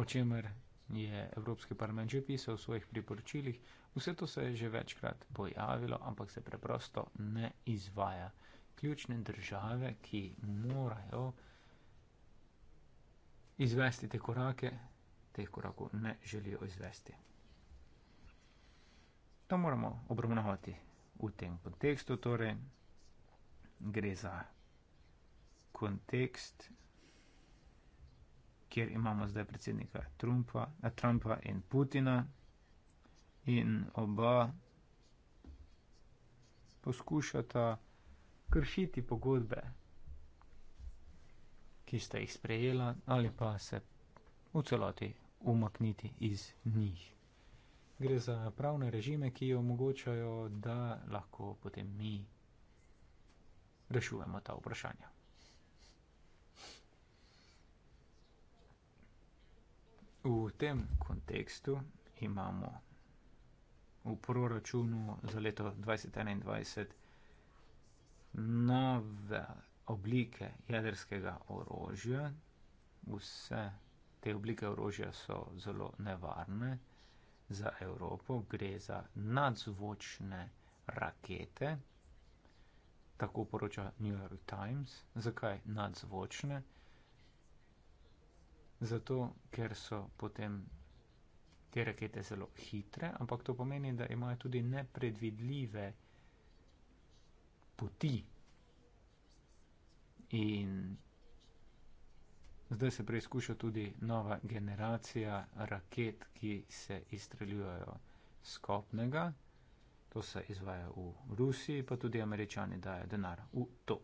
C: O čemer je Evropski parlament že pisal v svojih priporočilih, vse to se je že večkrat pojavilo, ampak se preprosto ne izvaja. Ključne države, ki morajo izvesti te korake, teh korakov ne želijo izvesti to moramo obravnavati v tem kontekstu, torej gre za kontekst, kjer imamo zdaj predsednika Trumpa, Trumpa in Putina in oba poskušata kršiti pogodbe, ki sta jih sprejela ali pa se v celoti umakniti iz njih gre za pravne režime, ki omogočajo, da lahko potem mi rešujemo ta vprašanja. V tem kontekstu imamo v proračunu za leto 2021 nove oblike jedrskega orožja. Vse te oblike orožja so zelo nevarne, za Evropo, gre za nadzvočne rakete, tako poroča New York Times. Zakaj nadzvočne? Zato, ker so potem te rakete zelo hitre, ampak to pomeni, da imajo tudi nepredvidljive poti. In Zdaj se preizkuša tudi nova generacija raket, ki se izstreljujejo skopnega. To se izvaja v Rusiji, pa tudi američani dajo denar v to.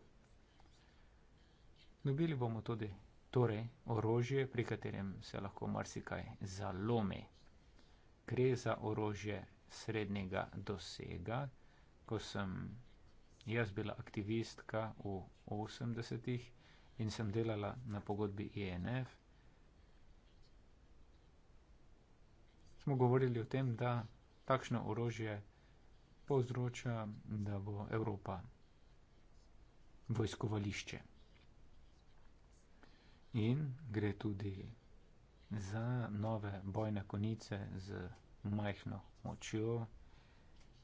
C: Dobili bomo tudi torej orožje, pri katerem se lahko marsikaj zalome. Gre za orožje srednjega dosega, ko sem jaz bila aktivistka v 80-ih in sem delala na pogodbi INF, e smo govorili o tem, da takšno orožje povzroča, da bo Evropa vojskovališče. In gre tudi za nove bojne konice z majhno močjo,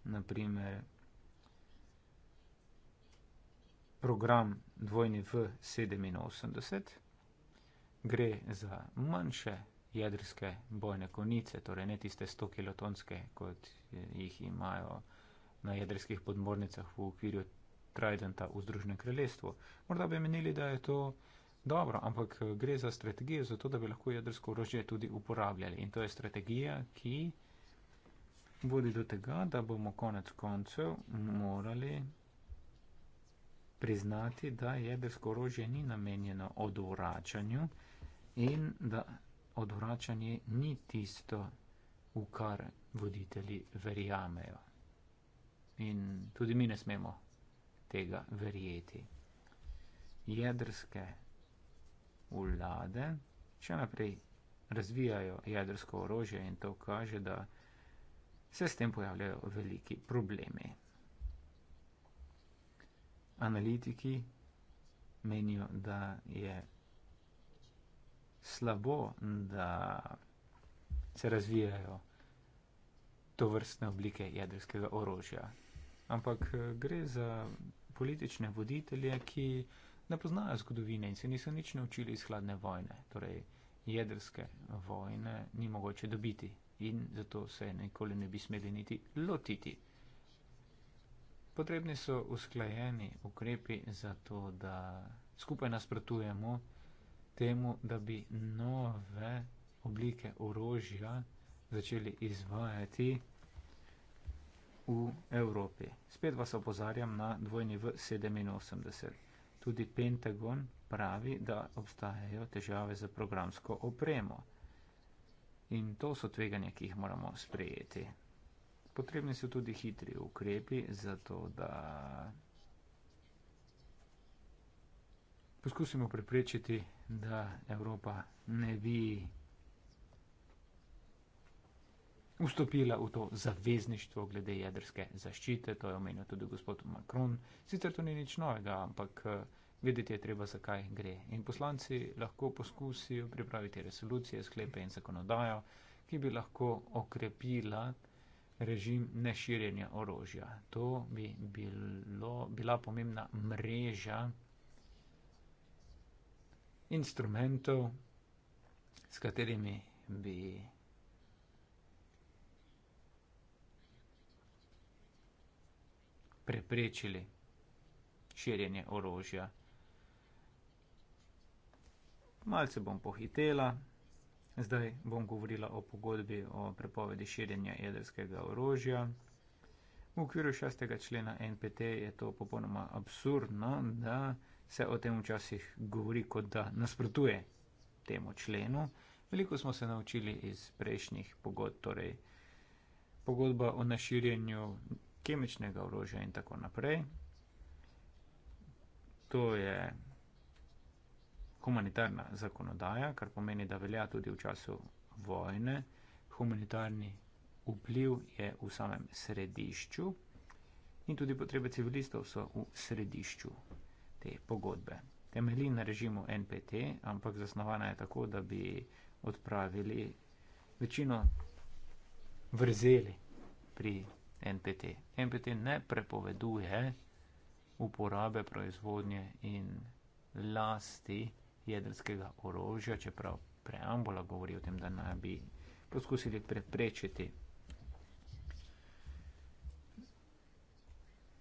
C: naprimer program dvojnih v 87, gre za manjše jedrske bojne konice, torej ne tiste 100 kilotonske, kot jih imajo na jedrskih podmornicah v okviru Tridenta v Združenem kraljestvu. Morda bi menili, da je to dobro, ampak eh, gre za strategijo, zato da bi lahko jedrsko orožje tudi uporabljali. In to je strategija, ki vodi do tega, da bomo konec koncev morali priznati, da jedrsko orožje ni namenjeno odvračanju in da odvračanje ni tisto, v kar voditelji verjamejo. In tudi mi ne smemo tega verjeti. Jedrske vlade še naprej razvijajo jedrsko orožje in to kaže, da se s tem pojavljajo veliki problemi analitiki menijo, da je slabo, da se razvijajo to vrstne oblike jedrskega orožja. Ampak eh, gre za politične voditelje, ki ne poznajo zgodovine in se niso nič naučili iz hladne vojne. Torej, jedrske vojne ni mogoče dobiti in zato se nikoli ne bi smeli niti lotiti. Potrebni so usklajeni ukrepi za to, da skupaj nasprotujemo temu, da bi nove oblike orožja začeli izvajati v Evropi. Spet vas opozarjam na dvojni v 87. Tudi Pentagon pravi, da obstajajo težave za programsko opremo. In to so tveganja, ki jih moramo sprejeti potrebni so tudi hitri ukrepi, zato da poskusimo preprečiti, da Evropa ne bi vstopila v to zavezništvo glede jedrske zaščite. To je omenil tudi gospod Macron. Sicer to ni nič novega, ampak eh, vedeti je treba, zakaj gre. In poslanci lahko poskusijo pripraviti resolucije, sklepe in zakonodajo, ki bi lahko okrepila režim neširjenja orožja. To bi bilo, bila pomembna mreža instrumentov, s katerimi bi preprečili širjenje orožja. Malce bom pohitela. Zdaj bom govorila o pogodbi o prepovedi širjenja jedrskega orožja. V okviru šestega člena NPT je to popolnoma absurdno, da se o tem včasih govori, kot da nasprotuje temu členu. Veliko smo se naučili iz prejšnjih pogodb, torej pogodba o naširjenju kemičnega orožja in tako naprej. To je humanitarna zakonodaja, kar pomeni, da velja tudi v času vojne. Humanitarni vpliv je v samem središču in tudi potrebe civilistov so v središču te pogodbe. Temelji na režimu NPT, ampak zasnovana je tako, da bi odpravili večino vrzeli pri NPT. NPT ne prepoveduje uporabe proizvodnje in lasti jedrskega orožja, čeprav preambula govori o tem, da naj bi poskusili preprečiti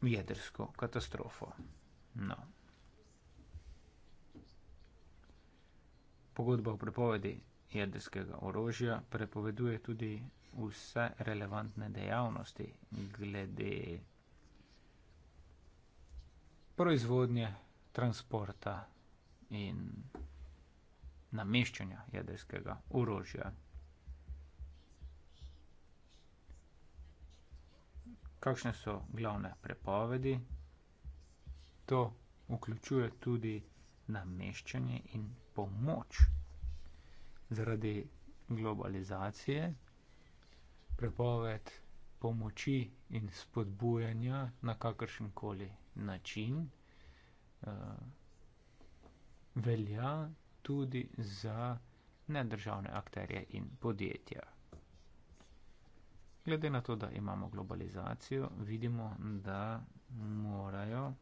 C: jedrsko katastrofo. No. Pogodba o prepovedi jedrskega orožja prepoveduje tudi vse relevantne dejavnosti glede proizvodnje, transporta, in nameščanja jedrskega orožja. Kakšne so glavne prepovedi? To vključuje tudi nameščanje in pomoč. Zaradi globalizacije prepoved pomoči in spodbujanja na kakršen koli način eh, velja tudi za nedržavne akterje in podjetja. Glede na to, da imamo globalizacijo, vidimo, da morajo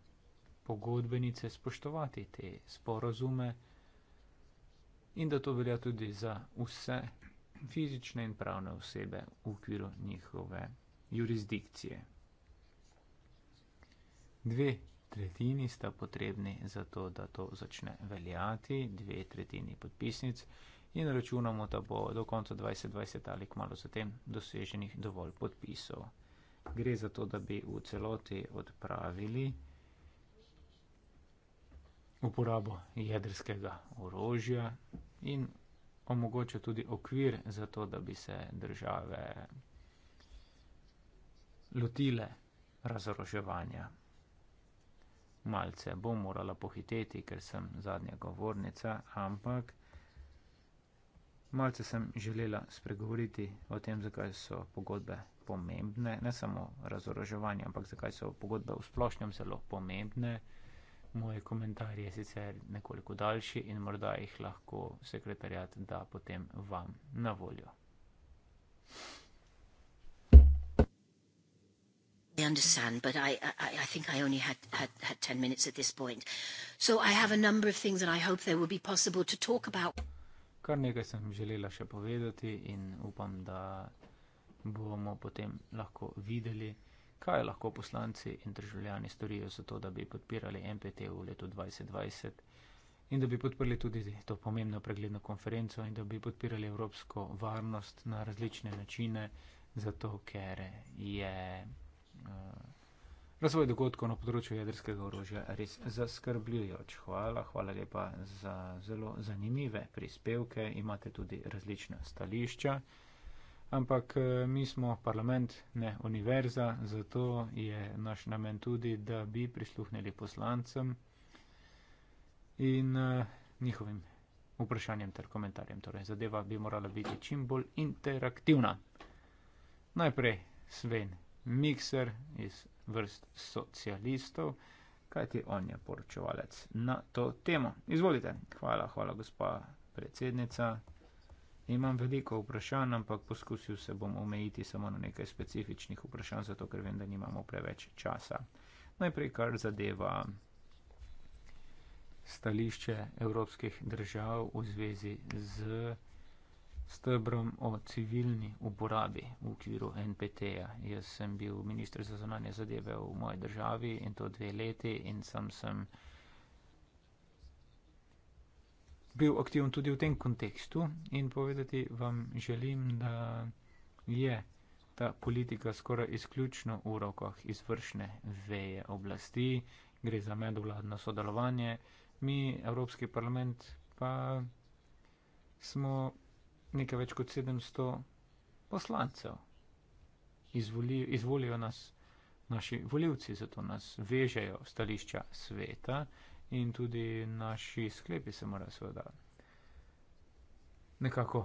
C: pogodbenice spoštovati te sporozume in da to velja tudi za vse fizične in pravne osebe v okviru njihove jurisdikcije. Dve tretjini sta potrebni za to, da to začne veljati, dve tretjini podpisnic in računamo, da bo do konca 2020 ali kmalo zatem doseženih dovolj podpisov. Gre za to, da bi v celoti odpravili uporabo jedrskega orožja in omogoča tudi okvir za to, da bi se države lotile razoroževanja malce bom morala pohiteti, ker sem zadnja govornica, ampak malce sem želela spregovoriti o tem, zakaj so pogodbe pomembne, ne samo razoroževanje, ampak zakaj so pogodbe v splošnem zelo pomembne. Moj komentar je sicer nekoliko daljši in morda jih lahko sekretarjat da potem vam na voljo. Thank you. I understand, but I, I, I think
A: I only had, had, had 10 minutes at this point. So I have a number of things that I hope there will be possible
C: to talk about. Kar nekaj sem želela še povedati in upam, da bomo potem lahko videli, kaj lahko poslanci in državljani storijo za to, da bi podpirali MPT v letu 2020 in da bi podprli tudi to pomembno pregledno konferenco in da bi podpirali evropsko varnost na različne načine, zato ker je. Eh, razvoj dogodkov na področju jedrskega orožja res zaskrbljujoč. Hvala, hvala lepa za zelo zanimive prispevke, imate tudi različna stališča. Ampak eh, mi smo parlament, ne univerza, zato je naš namen tudi, da bi prisluhnili poslancem in uh, njihovim vprašanjem ter komentarjem. Torej, zadeva bi morala biti čim bolj interaktivna. Najprej Sven, Mikser iz vrst socialistov, kajti on je poročevalec na to temo. Izvolite. Hvala, hvala, gospa predsednica. Imam veliko vprašanj, ampak poskusil se bom omejiti samo na nekaj specifičnih vprašanj, zato ker vem, da nimamo preveč časa. Najprej, kar zadeva stališče evropskih držav v zvezi z stebrom o civilni uporabi v okviru NPT-ja. Jaz sem bil ministr za zunanje zadeve v moji državi in to dve leti in sem, sem bil aktiven tudi v tem kontekstu in povedati vam želim, da je ta politika skoraj izključno v rokah izvršne veje oblasti, gre za medvladno sodelovanje, mi Evropski parlament pa smo nekaj več kot 700 poslancev. Izvoli, izvolijo nas naši voljivci, zato nas vežejo stališča sveta in tudi naši sklepi se morajo seveda nekako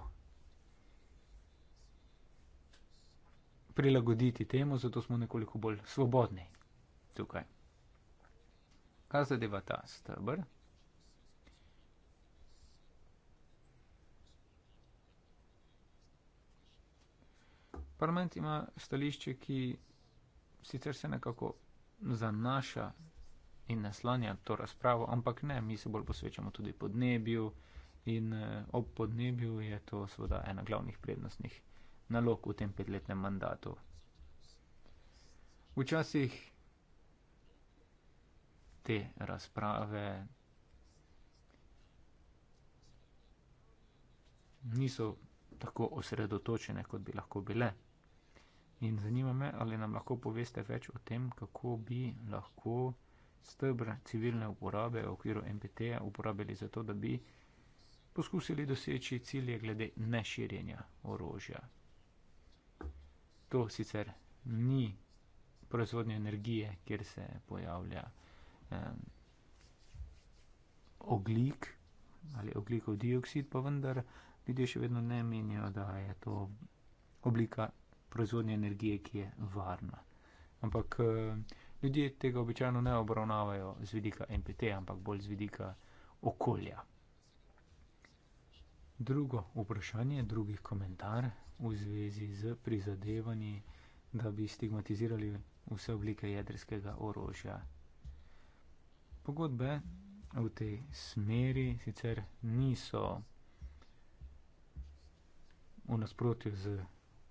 C: prilagoditi temu, zato smo nekoliko bolj svobodni tukaj. Kar zadeva ta stebr, Parlament ima stališče, ki sicer se nekako zanaša in naslanja to razpravo, ampak ne, mi se bolj posvečamo tudi podnebju in eh, ob podnebju je to seveda ena glavnih prednostnih nalog v tem petletnem mandatu. Včasih te razprave niso tako osredotočene, kot bi lahko bile. In zanima me, ali nam lahko poveste več o tem, kako bi lahko stebr civilne uporabe v okviru MPT-ja uporabili za to, da bi poskusili doseči cilje glede neširjenja orožja. To sicer ni proizvodnja energije, kjer se pojavlja eh, oglik ali oglikov dioksid, pa vendar ljudje še vedno ne menijo, da je to oblika proizvodnje energije, ki je varna. Ampak eh, ljudje tega običajno ne obravnavajo z vidika NPT, ampak bolj z vidika okolja. Drugo vprašanje, drugi komentar v zvezi z prizadevanji, da bi stigmatizirali vse oblike jedrskega orožja. Pogodbe v tej smeri sicer niso v nasprotju z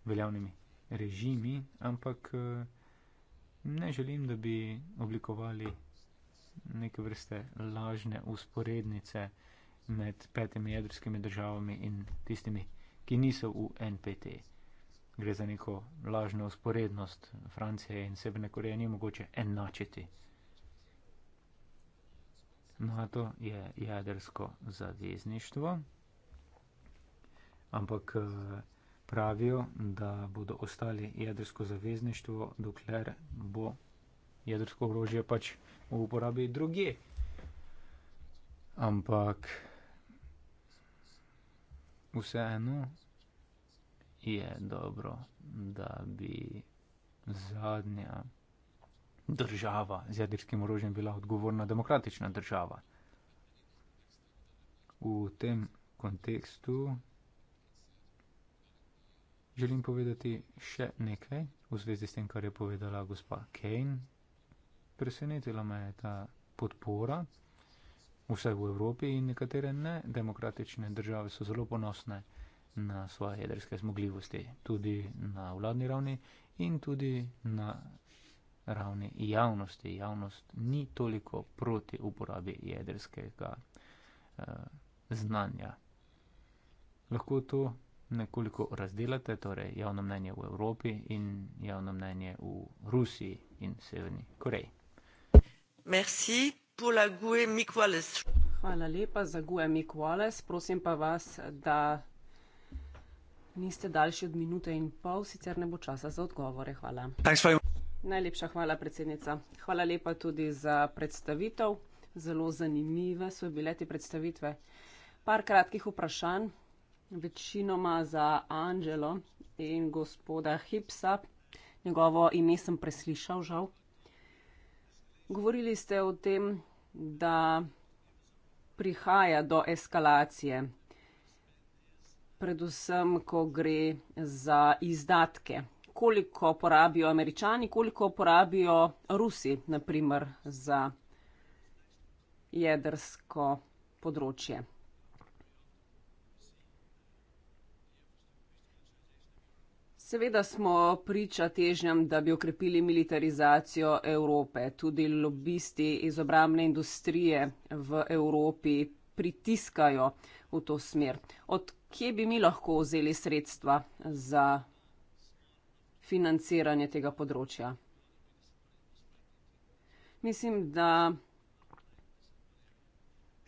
C: veljavnimi režimi, ampak eh, ne želim, da bi oblikovali neke vrste lažne usporednice med petimi jedrskimi državami in tistimi, ki niso v NPT. Gre za neko lažno usporednost Francije in Severne Koreje ni mogoče enačiti. NATO je jedrsko zavezništvo, ampak eh, pravijo, da bodo ostali jedrsko zavezništvo, dokler bo jedrsko orožje pač v uporabi druge. Ampak vseeno je dobro, da bi zadnja država z jedrskim orožjem bila odgovorna demokratična država. V tem kontekstu želim povedati še nekaj v zvezi s tem, kar je povedala gospa Kane. Presenetila me je ta podpora, vse v Evropi in nekatere nedemokratične države so zelo ponosne na svoje jedrske zmogljivosti, tudi na vladni ravni in tudi na ravni javnosti. Javnost ni toliko proti uporabi jedrskega uh, znanja. Lahko to nekoliko razdelate, torej javno mnenje v Evropi in javno mnenje v Rusiji in Severni Koreji.
A: Merci. Hvala lepa za Gue Mik Wallace. Prosim pa vas, da niste daljši od minute in pol, sicer ne bo časa za odgovore. Hvala. Najlepša hvala, predsednica. Hvala lepa tudi za predstavitev. Zelo zanimive so bile te predstavitve. Par kratkih vprašanj večinoma za Angelo in gospoda Hipsa. Njegovo ime sem preslišal, žal. Govorili ste o tem, da prihaja do eskalacije, predvsem, ko gre za izdatke. Koliko porabijo američani, koliko porabijo Rusi, naprimer, za jedrsko področje. Seveda smo priča težnjam, da bi okrepili militarizacijo Evrope. Tudi lobisti iz obramne industrije v Evropi pritiskajo v to smer. Odkje bi mi lahko vzeli sredstva za financiranje tega področja? Mislim, da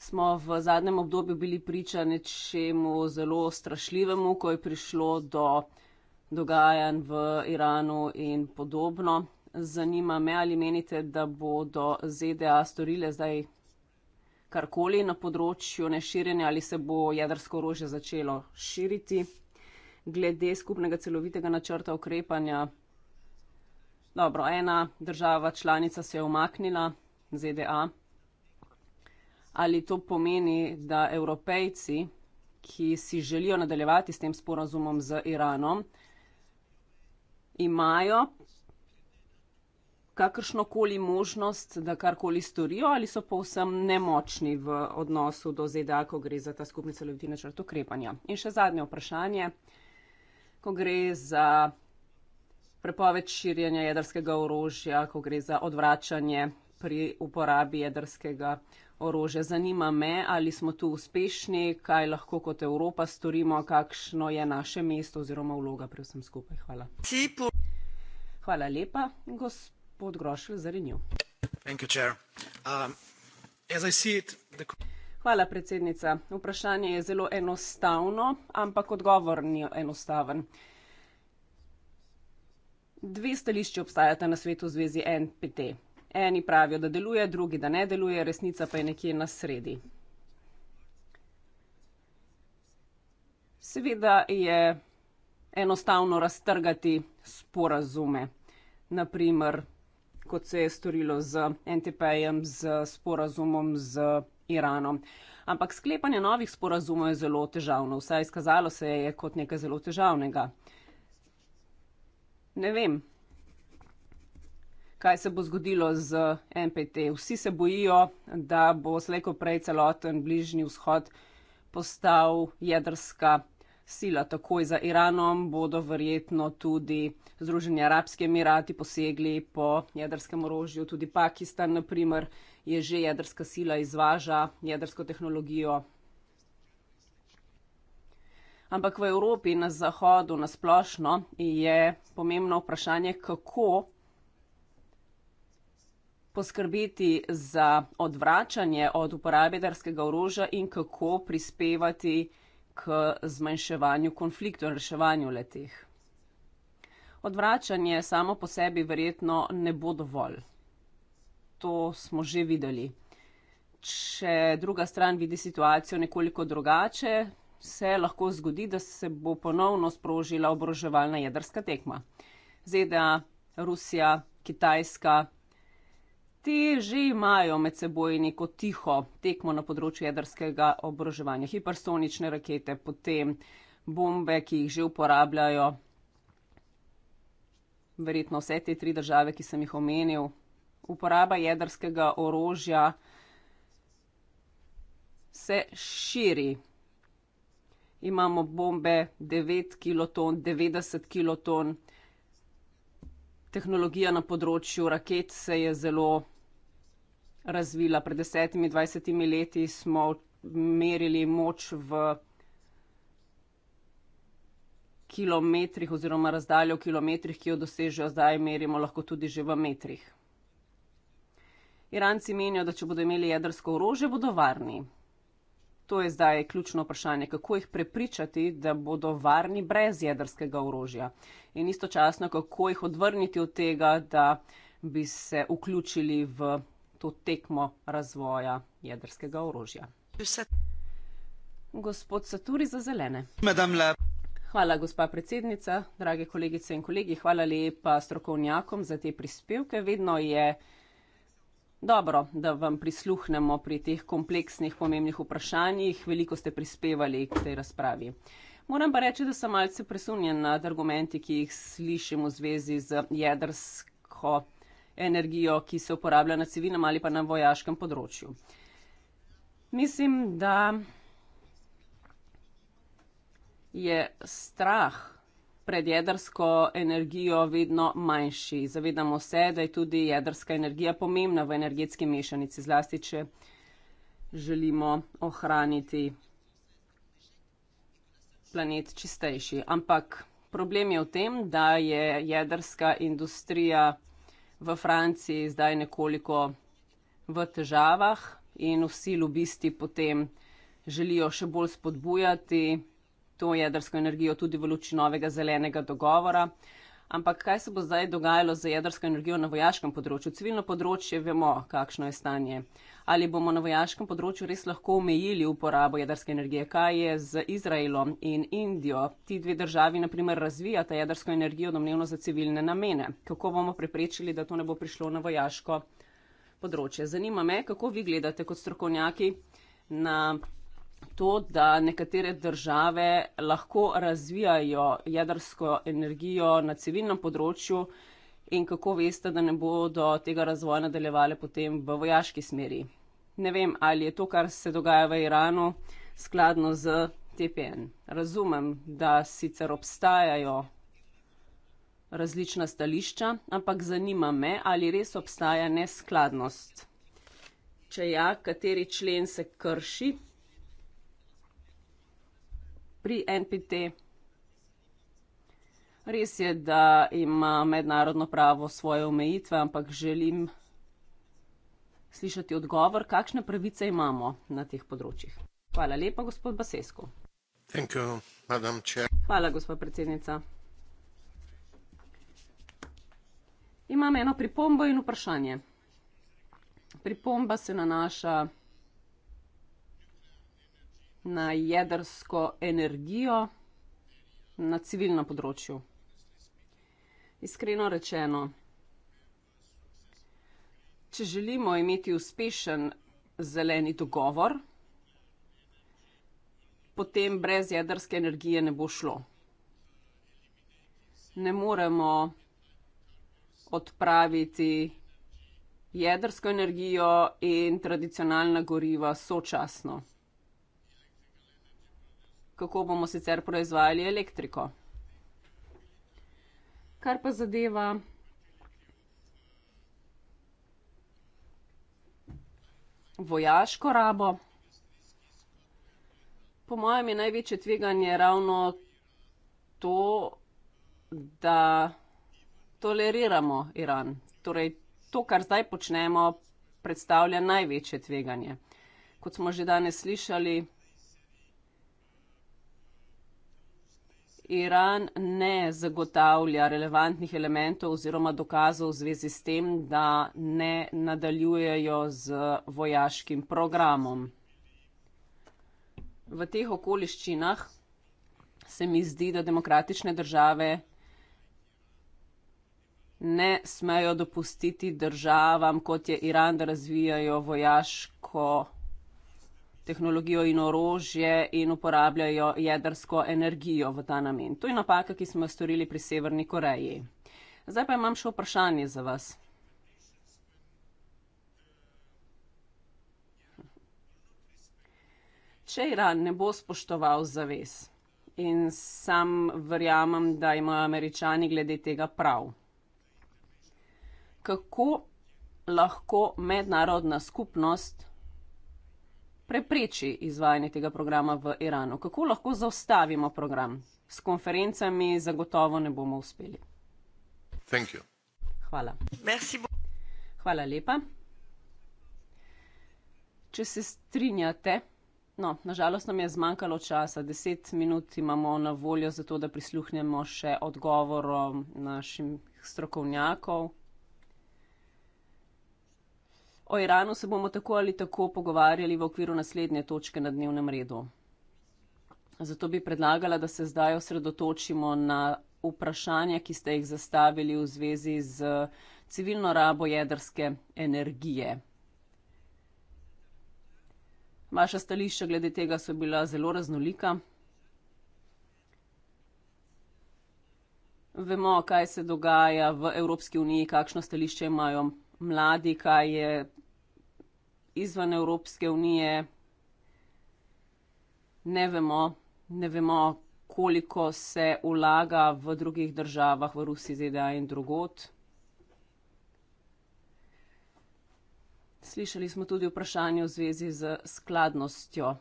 A: smo v zadnjem obdobju bili priča nečemu zelo strašljivemu, ko je prišlo do dogajanj v Iranu in podobno. Zanima me, ali menite, da bodo ZDA storile zdaj karkoli na področju neširjenja ali se bo jedrsko orožje začelo širiti. Glede skupnega celovitega načrta ukrepanja, dobro, ena država članica se je umaknila, ZDA. Ali to pomeni, da evropejci, ki si želijo nadaljevati s tem sporazumom z Iranom, imajo kakršnokoli možnost, da karkoli storijo ali so povsem nemočni v odnosu do ZDA, ko gre za ta skupni celoviti načrt ukrepanja. In še zadnje vprašanje, ko gre za prepoved širjenja jedrskega orožja, ko gre za odvračanje pri uporabi jedrskega orožja orože. Zanima me, ali smo tu uspešni, kaj lahko kot Evropa storimo, kakšno je naše mesto oziroma vloga pri vsem skupaj. Hvala. Hvala lepa, gospod Grošl, za renju.
C: Um,
A: Hvala, predsednica. Vprašanje je zelo enostavno, ampak odgovor ni enostaven. Dve stališči obstajata na svetu v zvezi NPT. Eni pravijo, da deluje, drugi, da ne deluje, resnica pa je nekje na sredi. Seveda je enostavno raztrgati sporazume. Naprimer, kot se je storilo z NTP-jem, z sporazumom z Iranom. Ampak sklepanje novih sporazumov je zelo težavno, vsaj izkazalo se je kot nekaj zelo težavnega. Ne vem, kaj se bo zgodilo z NPT. Vsi se bojijo, da bo slejko prej celoten bližnji vzhod postal jedrska sila. Takoj za Iranom bodo verjetno tudi Združeni arabski emirati posegli po jedrskem orožju. Tudi Pakistan, na primer, je že jedrska sila, izvaža jedrsko tehnologijo. Ampak v Evropi in na Zahodu nasplošno je pomembno vprašanje, kako poskrbeti za odvračanje od uporabe jedrskega orožja in kako prispevati k zmanjševanju konfliktov in reševanju letih. Odvračanje samo po sebi verjetno ne bo dovolj. To smo že videli. Če druga stran vidi situacijo nekoliko drugače, se lahko zgodi, da se bo ponovno sprožila oboroževalna jedrska tekma. ZDA, e Rusija, Kitajska, te že imajo med seboj neko tiho tekmo na področju jedrskega obroževanja, hipersonične rakete, potem bombe, ki jih že uporabljajo. Verjetno vse te tri države, ki sem jih omenil, uporaba jedrskega orožja se širi. Imamo bombe 9 kiloton, 90 kiloton. Tehnologija na področju raket se je zelo razvila. Pred desetimi, dvajsetimi leti smo merili moč v kilometrih oziroma razdaljo v kilometrih, ki jo dosežejo zdaj, merimo lahko tudi že v metrih. Iranci menijo, da če bodo imeli jedrsko orože, bodo varni. To je zdaj ključno vprašanje, kako jih prepričati, da bodo varni brez jedrskega orožja in istočasno, kako jih odvrniti od tega, da bi se vključili v to tekmo razvoja jedrskega orožja. Gospod Saturi za zelene. Hvala, gospa predsednica, drage kolegice in kolegi, hvala lepa strokovnjakom za te prispevke. Vedno je dobro, da vam prisluhnemo pri teh kompleksnih pomembnih vprašanjih. Veliko ste prispevali k tej razpravi. Moram pa reči, da sem malce presunjen nad argumenti, ki jih slišim v zvezi z jedrsko energijo, ki se uporablja na civilnem ali pa na vojaškem področju. Mislim, da je strah pred jedrsko energijo vedno manjši. Zavedamo se, da je tudi jedrska energija pomembna v energetski mešanici, zlasti če želimo ohraniti planet čistejši. Ampak problem je v tem, da je jedrska industrija v Franciji zdaj nekoliko v težavah in vsi lobisti potem želijo še bolj spodbujati to jedrsko energijo tudi v luči novega zelenega dogovora. Ampak kaj se bo zdaj dogajalo z jedrsko energijo na vojaškem področju? Civilno področje vemo, kakšno je stanje ali bomo na vojaškem področju res lahko omejili uporabo jedrske energije. Kaj je z Izraelom in Indijo? Ti dve državi, naprimer, razvijata jedrsko energijo domnevno za civilne namene. Kako bomo preprečili, da to ne bo prišlo na vojaško področje? Zanima me, kako vi gledate kot strokovnjaki na. To, da nekatere države lahko razvijajo jedrsko energijo na civilnem področju, in kako veste, da ne bodo tega razvoja nadaljevale potem v vojaški smeri. Ne vem, ali je to, kar se dogaja v Iranu, skladno z TPN. Razumem, da sicer obstajajo različna stališča, ampak zanima me, ali res obstaja neskladnost. Če ja, kateri člen se krši pri NPT? Res je, da ima mednarodno pravo svoje omejitve, ampak želim slišati odgovor, kakšne pravice imamo na teh področjih. Hvala lepa, gospod Basesko.
B: Hvala,
A: gospod predsednica. Imam eno pripombo in vprašanje. Pripomba se nanaša na jedrsko energijo na civilnem področju. Iskreno rečeno, če želimo imeti uspešen zeleni dogovor, potem brez jedrske energije ne bo šlo. Ne moremo odpraviti jedrsko energijo in tradicionalna goriva sočasno. Kako bomo sicer proizvajali elektriko? kar pa zadeva vojaško rabo, po mojem je največje tveganje ravno to, da toleriramo Iran. Torej, to, kar zdaj počnemo, predstavlja največje tveganje. Kot smo že danes slišali, Iran ne zagotavlja relevantnih elementov oziroma dokazov v zvezi s tem, da ne nadaljujejo z vojaškim programom. V teh okoliščinah se mi zdi, da demokratične države ne smejo dopustiti državam, kot je Iran, da razvijajo vojaško tehnologijo in orožje in uporabljajo jedrsko energijo v ta namen. To je napaka, ki smo jo storili pri Severni Koreji. Zdaj pa imam še vprašanje za vas. Če Iran ne bo spoštoval zavez in sam verjamem, da imajo američani glede tega prav, kako lahko mednarodna skupnost prepreči izvajanje tega programa v Iranu? Kako lahko zaustavimo program? S konferencami zagotovo ne bomo uspeli. Hvala. Hvala lepa. Če se strinjate, no, nažalost nam je zmanjkalo časa, deset minut imamo na voljo za to, da prisluhnemo še odgovorom našim strokovnjakov, O Iranu se bomo tako ali tako pogovarjali v okviru naslednje točke na dnevnem redu. Zato bi predlagala, da se zdaj osredotočimo na vprašanja, ki ste jih zastavili v zvezi z civilno rabo jedrske energije. Vaša stališča glede tega so bila zelo raznolika. Vemo, kaj se dogaja v Evropski uniji, kakšno stališče imajo mladi, kaj je izven Evropske unije, ne vemo, ne vemo koliko se ulaga v drugih državah, v Rusiji, ZDA in drugot. Slišali smo tudi vprašanje v zvezi z skladnostjo.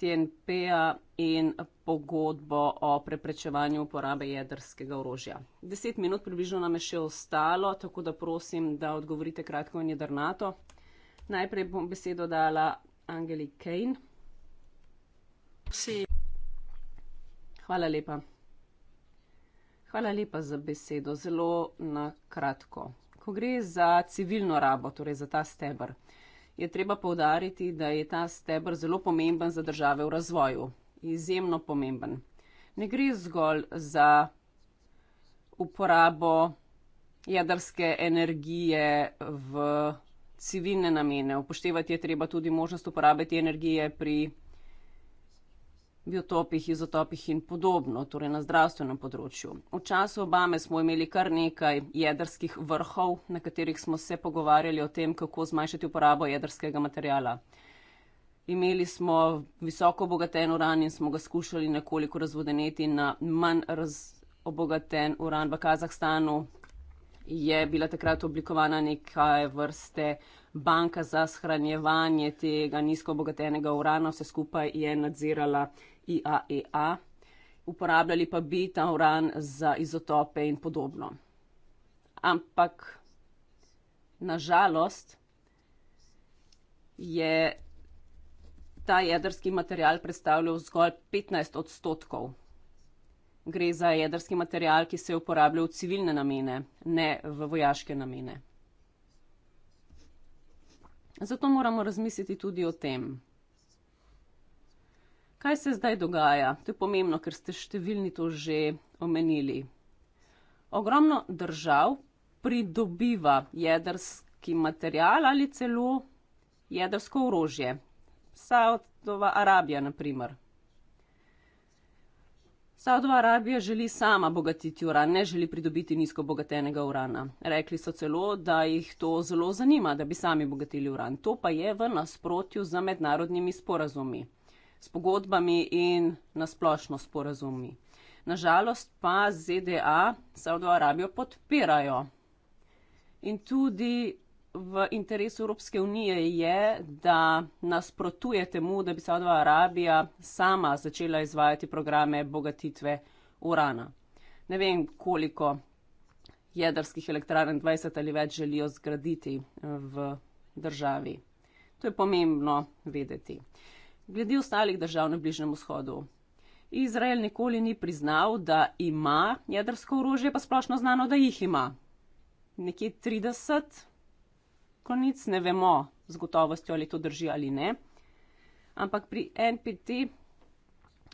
A: TNP-a in pogodbo o preprečevanju uporabe jedrskega orožja. Deset minut približno nam je še ostalo, tako da prosim, da odgovorite kratko in jedrnato. Najprej bom besedo dala Angeli Kane. Hvala lepa. Hvala lepa za besedo. Zelo na kratko. Ko gre za civilno rabo, torej za ta stebr je treba povdariti, da je ta stebr zelo pomemben za države v razvoju. Izjemno pomemben. Ne gre zgolj za uporabo jedrske energije v civilne namene. Upoštevati je treba tudi možnost uporabiti energije pri biotopih, izotopih in podobno, torej na zdravstvenem področju. V času Obame smo imeli kar nekaj jedrskih vrhov, na katerih smo se pogovarjali o tem, kako zmanjšati uporabo jedrskega materijala. Imeli smo visoko obogaten uran in smo ga skušali nekoliko razvodeneti na manj obogaten uran v Kazahstanu. Je bila takrat oblikovana neka vrste banka za shranjevanje tega nizko obogatenega urana, vse skupaj je nadzirala IAEA, e uporabljali pa bi ta uran za izotope in podobno. Ampak nažalost je ta jedrski material predstavljal zgolj 15 odstotkov. Gre za jedrski material, ki se je uporabljal v civilne namene, ne v vojaške namene. Zato moramo razmisliti tudi o tem. Kaj se zdaj dogaja? To je pomembno, ker ste številni to že omenili. Ogromno držav pridobiva jedrski material ali celo jedrsko orožje. Saudova Arabija, naprimer. Saudova Arabija želi sama bogatiti uran, ne želi pridobiti nizko bogatenega urana. Rekli so celo, da jih to zelo zanima, da bi sami bogatili uran. To pa je v nasprotju z mednarodnimi sporazumi s pogodbami in nasplošno s porazumi. Nažalost pa ZDA Saudo Arabijo podpirajo. In tudi v interesu Evropske unije je, da nasprotuje temu, da bi Saudo Arabija sama začela izvajati programe bogatitve urana. Ne vem, koliko jedrskih elektrarn 20 ali več želijo zgraditi eh, v državi. To je pomembno vedeti glede ostalih držav na Bližnem vzhodu. Izrael nikoli ni priznal, da ima jedrsko orožje, pa splošno znano, da jih ima. Nekje 30, konic ne vemo z gotovostjo, ali to drži ali ne. Ampak pri NPT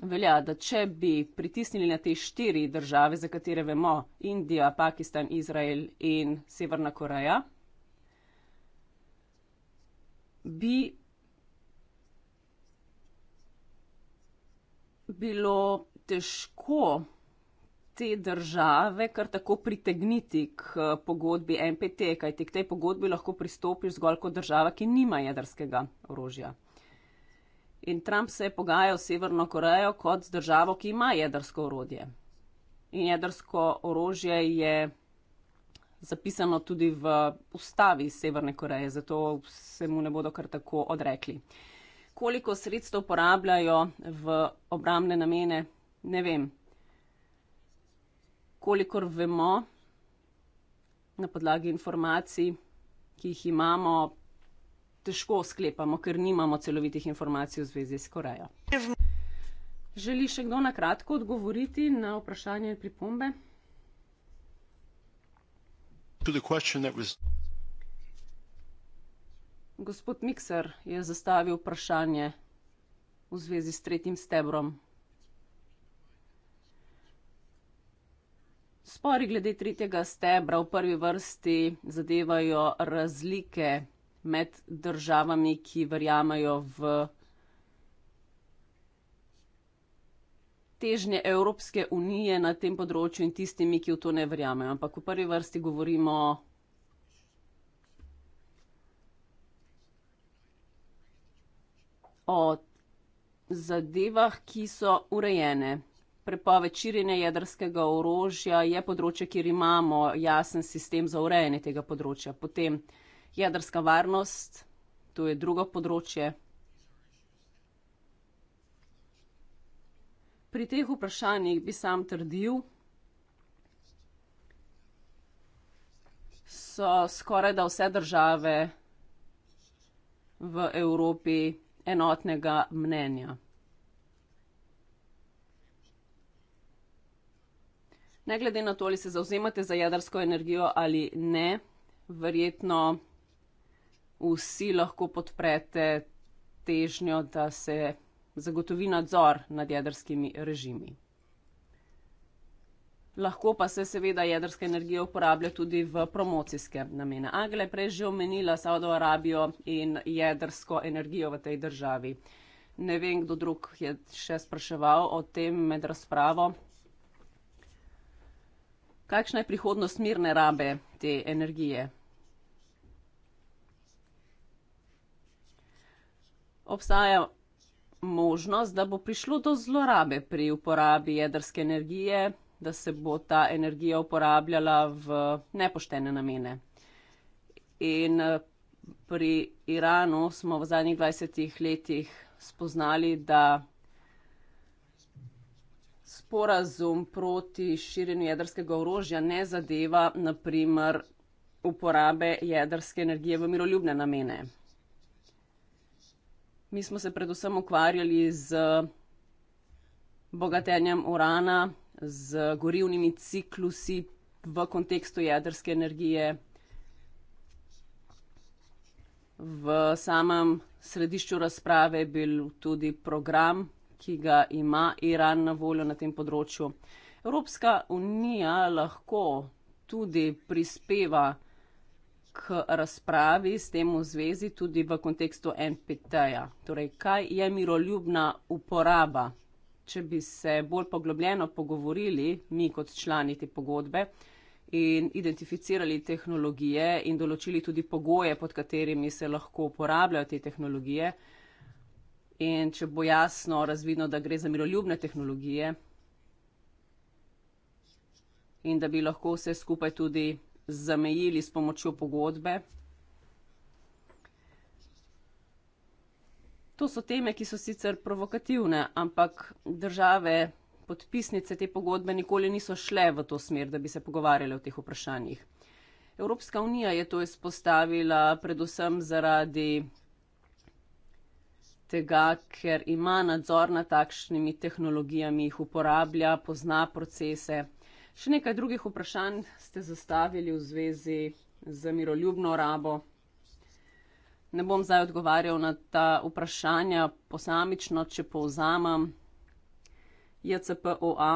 A: velja, da če bi pritisnili na te štiri države, za katere vemo, Indija, Pakistan, Izrael in Severna Koreja, bi bilo težko te države kar tako pritegniti k eh, pogodbi NPT, kajti k tej pogodbi lahko pristopiš zgolj kot država, ki nima jedrskega orožja. In Trump se je pogajal s Severno Korejo kot državo, ki ima jedrsko orodje. In jedrsko orožje je zapisano tudi v ustavi Severne Koreje, zato se mu ne bodo kar tako odrekli koliko sredstev porabljajo v obramne namene, ne vem. Kolikor vemo, na podlagi informacij, ki jih imamo, težko sklepamo, ker nimamo celovitih informacij v zvezi s Korejo. Želi še kdo na kratko odgovoriti na vprašanje pripombe? To the question that was Gospod Mikser je zastavil vprašanje v zvezi s tretjim stebrom. Spori glede tretjega stebra v prvi vrsti zadevajo razlike med državami, ki verjamajo v težnje Evropske unije na tem področju in tistimi, ki v to ne verjamejo. Ampak v prvi vrsti govorimo o zadevah, ki so urejene. Prepoved širjenja jedrskega orožja je področje, kjer imamo jasen sistem za urejanje tega področja. Potem jedrska varnost, to je drugo področje. Pri teh vprašanjih bi sam trdil, so skoraj da vse države v Evropi enotnega mnenja. Ne glede na to, ali se zauzemate za jedrsko energijo ali ne, verjetno vsi lahko podprete težnjo, da se zagotovi nadzor nad jedrskimi režimi. Lahko pa se seveda jedrska energija uporablja tudi v promocijske namene. Angela je prej že omenila Saudo Arabijo in jedrsko energijo v tej državi. Ne vem, kdo drug je še spraševal o tem med razpravo. Kakšna je prihodnost mirne rabe te energije? Obstaja možnost, da bo prišlo do zlorabe pri uporabi jedrske energije da se bo ta energija uporabljala v nepoštene namene. In eh, pri Iranu smo v zadnjih 20 letih spoznali, da sporazum proti širjenju jedrskega orožja ne zadeva naprimer uporabe jedrske energije v miroljubne namene. Mi smo se predvsem ukvarjali z bogatenjem urana z gorivnimi ciklusi v kontekstu jedrske energije. V samem središču razprave je bil tudi program, ki ga ima Iran na voljo na tem področju. Evropska unija lahko tudi prispeva k razpravi s tem v zvezi tudi v kontekstu NPT-ja. Torej, kaj je miroljubna uporaba če bi se bolj poglobljeno pogovorili, mi kot člani te pogodbe, in identificirali tehnologije in določili tudi pogoje, pod katerimi se lahko uporabljajo te tehnologije. In če bo jasno razvidno, da gre za miroljubne tehnologije in da bi lahko vse skupaj tudi zamejili s pomočjo pogodbe, To so teme, ki so sicer provokativne, ampak države podpisnice te pogodbe nikoli niso šle v to smer, da bi se pogovarjale o teh vprašanjih. Evropska unija je to izpostavila predvsem zaradi tega, ker ima nadzor nad takšnimi tehnologijami, jih uporablja, pozna procese. Še nekaj drugih vprašanj ste zastavili v zvezi z miroljubno rabo. Ne bom zdaj odgovarjal na ta vprašanja posamično, če povzamem. JCPOA,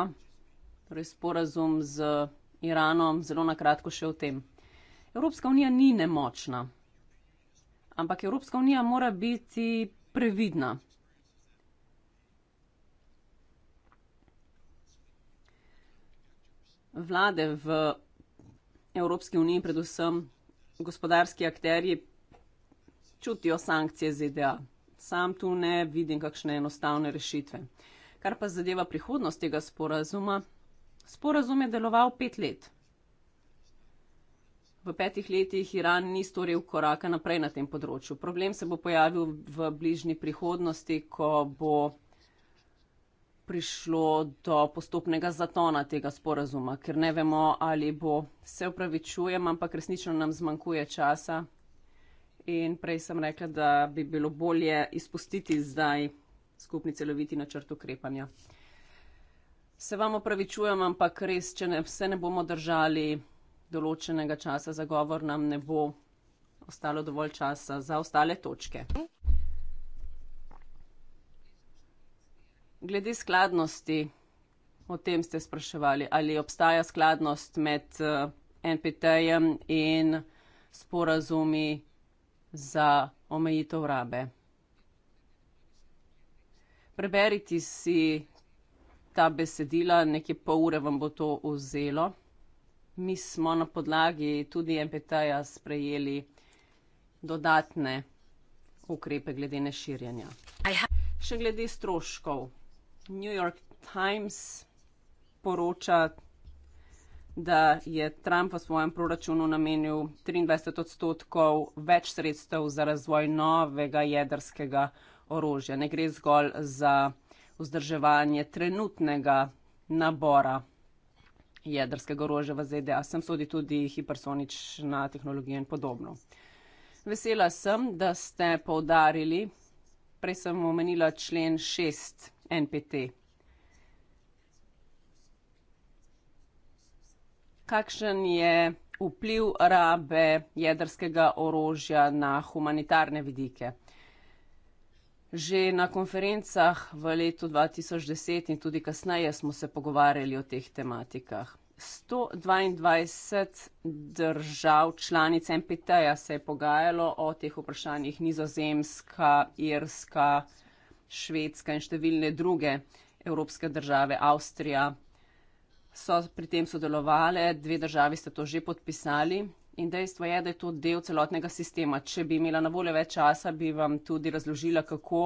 A: torej sporazum z Iranom, zelo na kratko še o tem. Evropska unija ni nemočna, ampak Evropska unija mora biti previdna. Vlade v Evropski uniji, predvsem gospodarski akterji, čutijo sankcije ZDA. Sam tu ne vidim kakšne enostavne rešitve. Kar pa zadeva prihodnost tega sporazuma, sporazum je deloval pet let. V petih letih Iran ni storil koraka naprej na tem področju. Problem se bo pojavil v bližnji prihodnosti, ko bo prišlo do postopnega zatona tega sporazuma, ker ne vemo, ali bo se upravičujem, ampak resnično nam zmanjkuje časa, In prej sem rekla, da bi bilo bolje izpustiti zdaj skupni celoviti načrt ukrepanja. Se vam opravičujem, ampak res, če ne, vse ne bomo držali določenega časa za govor, nam ne bo ostalo dovolj časa za ostale točke. Glede skladnosti, o tem ste spraševali, ali obstaja skladnost med eh, NPT-jem in sporazumi za omejitev rabe. Preberite si ta besedila, nekaj pol ure vam bo to vzelo. Mi smo na podlagi tudi MPT-ja sprejeli dodatne ukrepe glede neširjanja. Še glede stroškov. New York Times poroča da je Trump v svojem proračunu namenil 23 odstotkov več sredstev za razvoj novega jedrskega orožja. Ne gre zgolj za vzdrževanje trenutnega nabora jedrskega orožja v ZDA, sem sodi tudi hipersonična tehnologija in podobno. Vesela sem, da ste poudarili, prej sem omenila člen 6 NPT. kakšen je vpliv rabe jedrskega orožja na humanitarne vidike. Že na konferencah v letu 2010 in tudi kasneje smo se pogovarjali o teh tematikah. 122 držav članic MPT-ja se je pogajalo o teh vprašanjih Nizozemska, Irska, Švedska in številne druge evropske države, Avstrija, so pri tem sodelovali, dve državi ste to že podpisali. In dejstvo je, da je to del celotnega sistema. Če bi imela na voljo več časa, bi vam tudi razložila, kako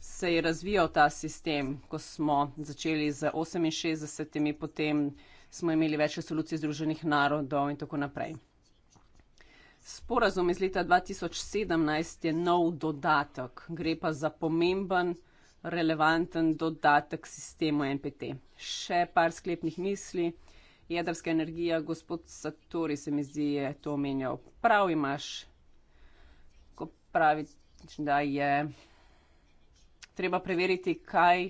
A: se je razvijal ta sistem. Ko smo začeli z 68, potem smo imeli več resolucij Združenih narodov in tako naprej. Sporazum iz leta 2017 je nov dodatek, gre pa za pomemben relevanten dodatek sistemu NPT. Še par sklepnih misli. Jedrska energija, gospod Satori se mi zdi, je to omenjal. Prav imaš, ko pravi, da je treba preveriti, kaj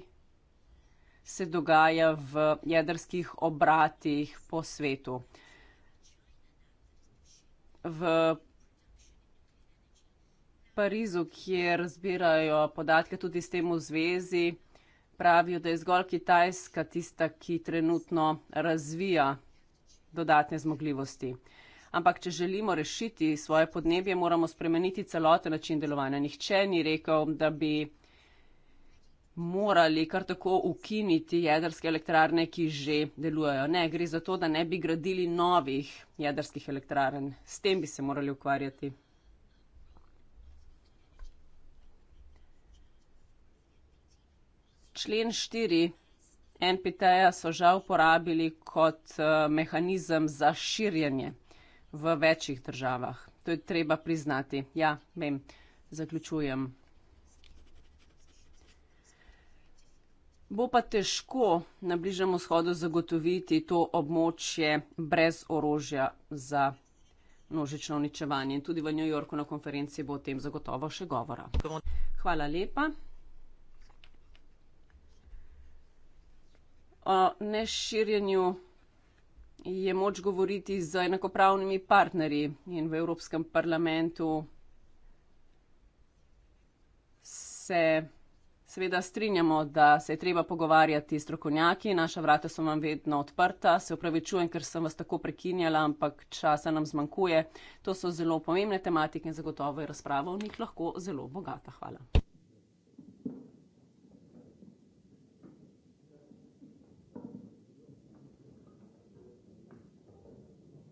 A: se dogaja v jedrskih obratih po svetu. V Parizu, kjer zbirajo podatke tudi s tem v zvezi, pravijo, da je zgolj Kitajska tista, ki trenutno razvija dodatne zmogljivosti. Ampak, če želimo rešiti svoje podnebje, moramo spremeniti celoten način delovanja. Nihče ni rekel, da bi morali kar tako ukiniti jedrske elektrarne, ki že delujejo. Ne, gre za to, da ne bi gradili novih jedrskih elektrarn. S tem bi se morali ukvarjati. člen 4 NPT-ja so žal uporabili kot eh, mehanizem za širjenje v večjih državah. To je treba priznati. Ja, vem, zaključujem. Bo pa težko na bližnjem vzhodu zagotoviti to območje brez orožja za množično uničevanje. In tudi v New Yorku na konferenci bo o tem zagotovo še govora. Hvala lepa. O neširjenju je moč govoriti z enakopravnimi partnerji in v Evropskem parlamentu se seveda strinjamo, da se je treba pogovarjati s strokovnjaki. Naša vrata so vam vedno odprta. Se upravičujem, ker sem vas tako prekinjala, ampak časa nam zmanjkuje. To so zelo pomembne tematike in zagotovo je razprava v njih lahko zelo bogata. Hvala.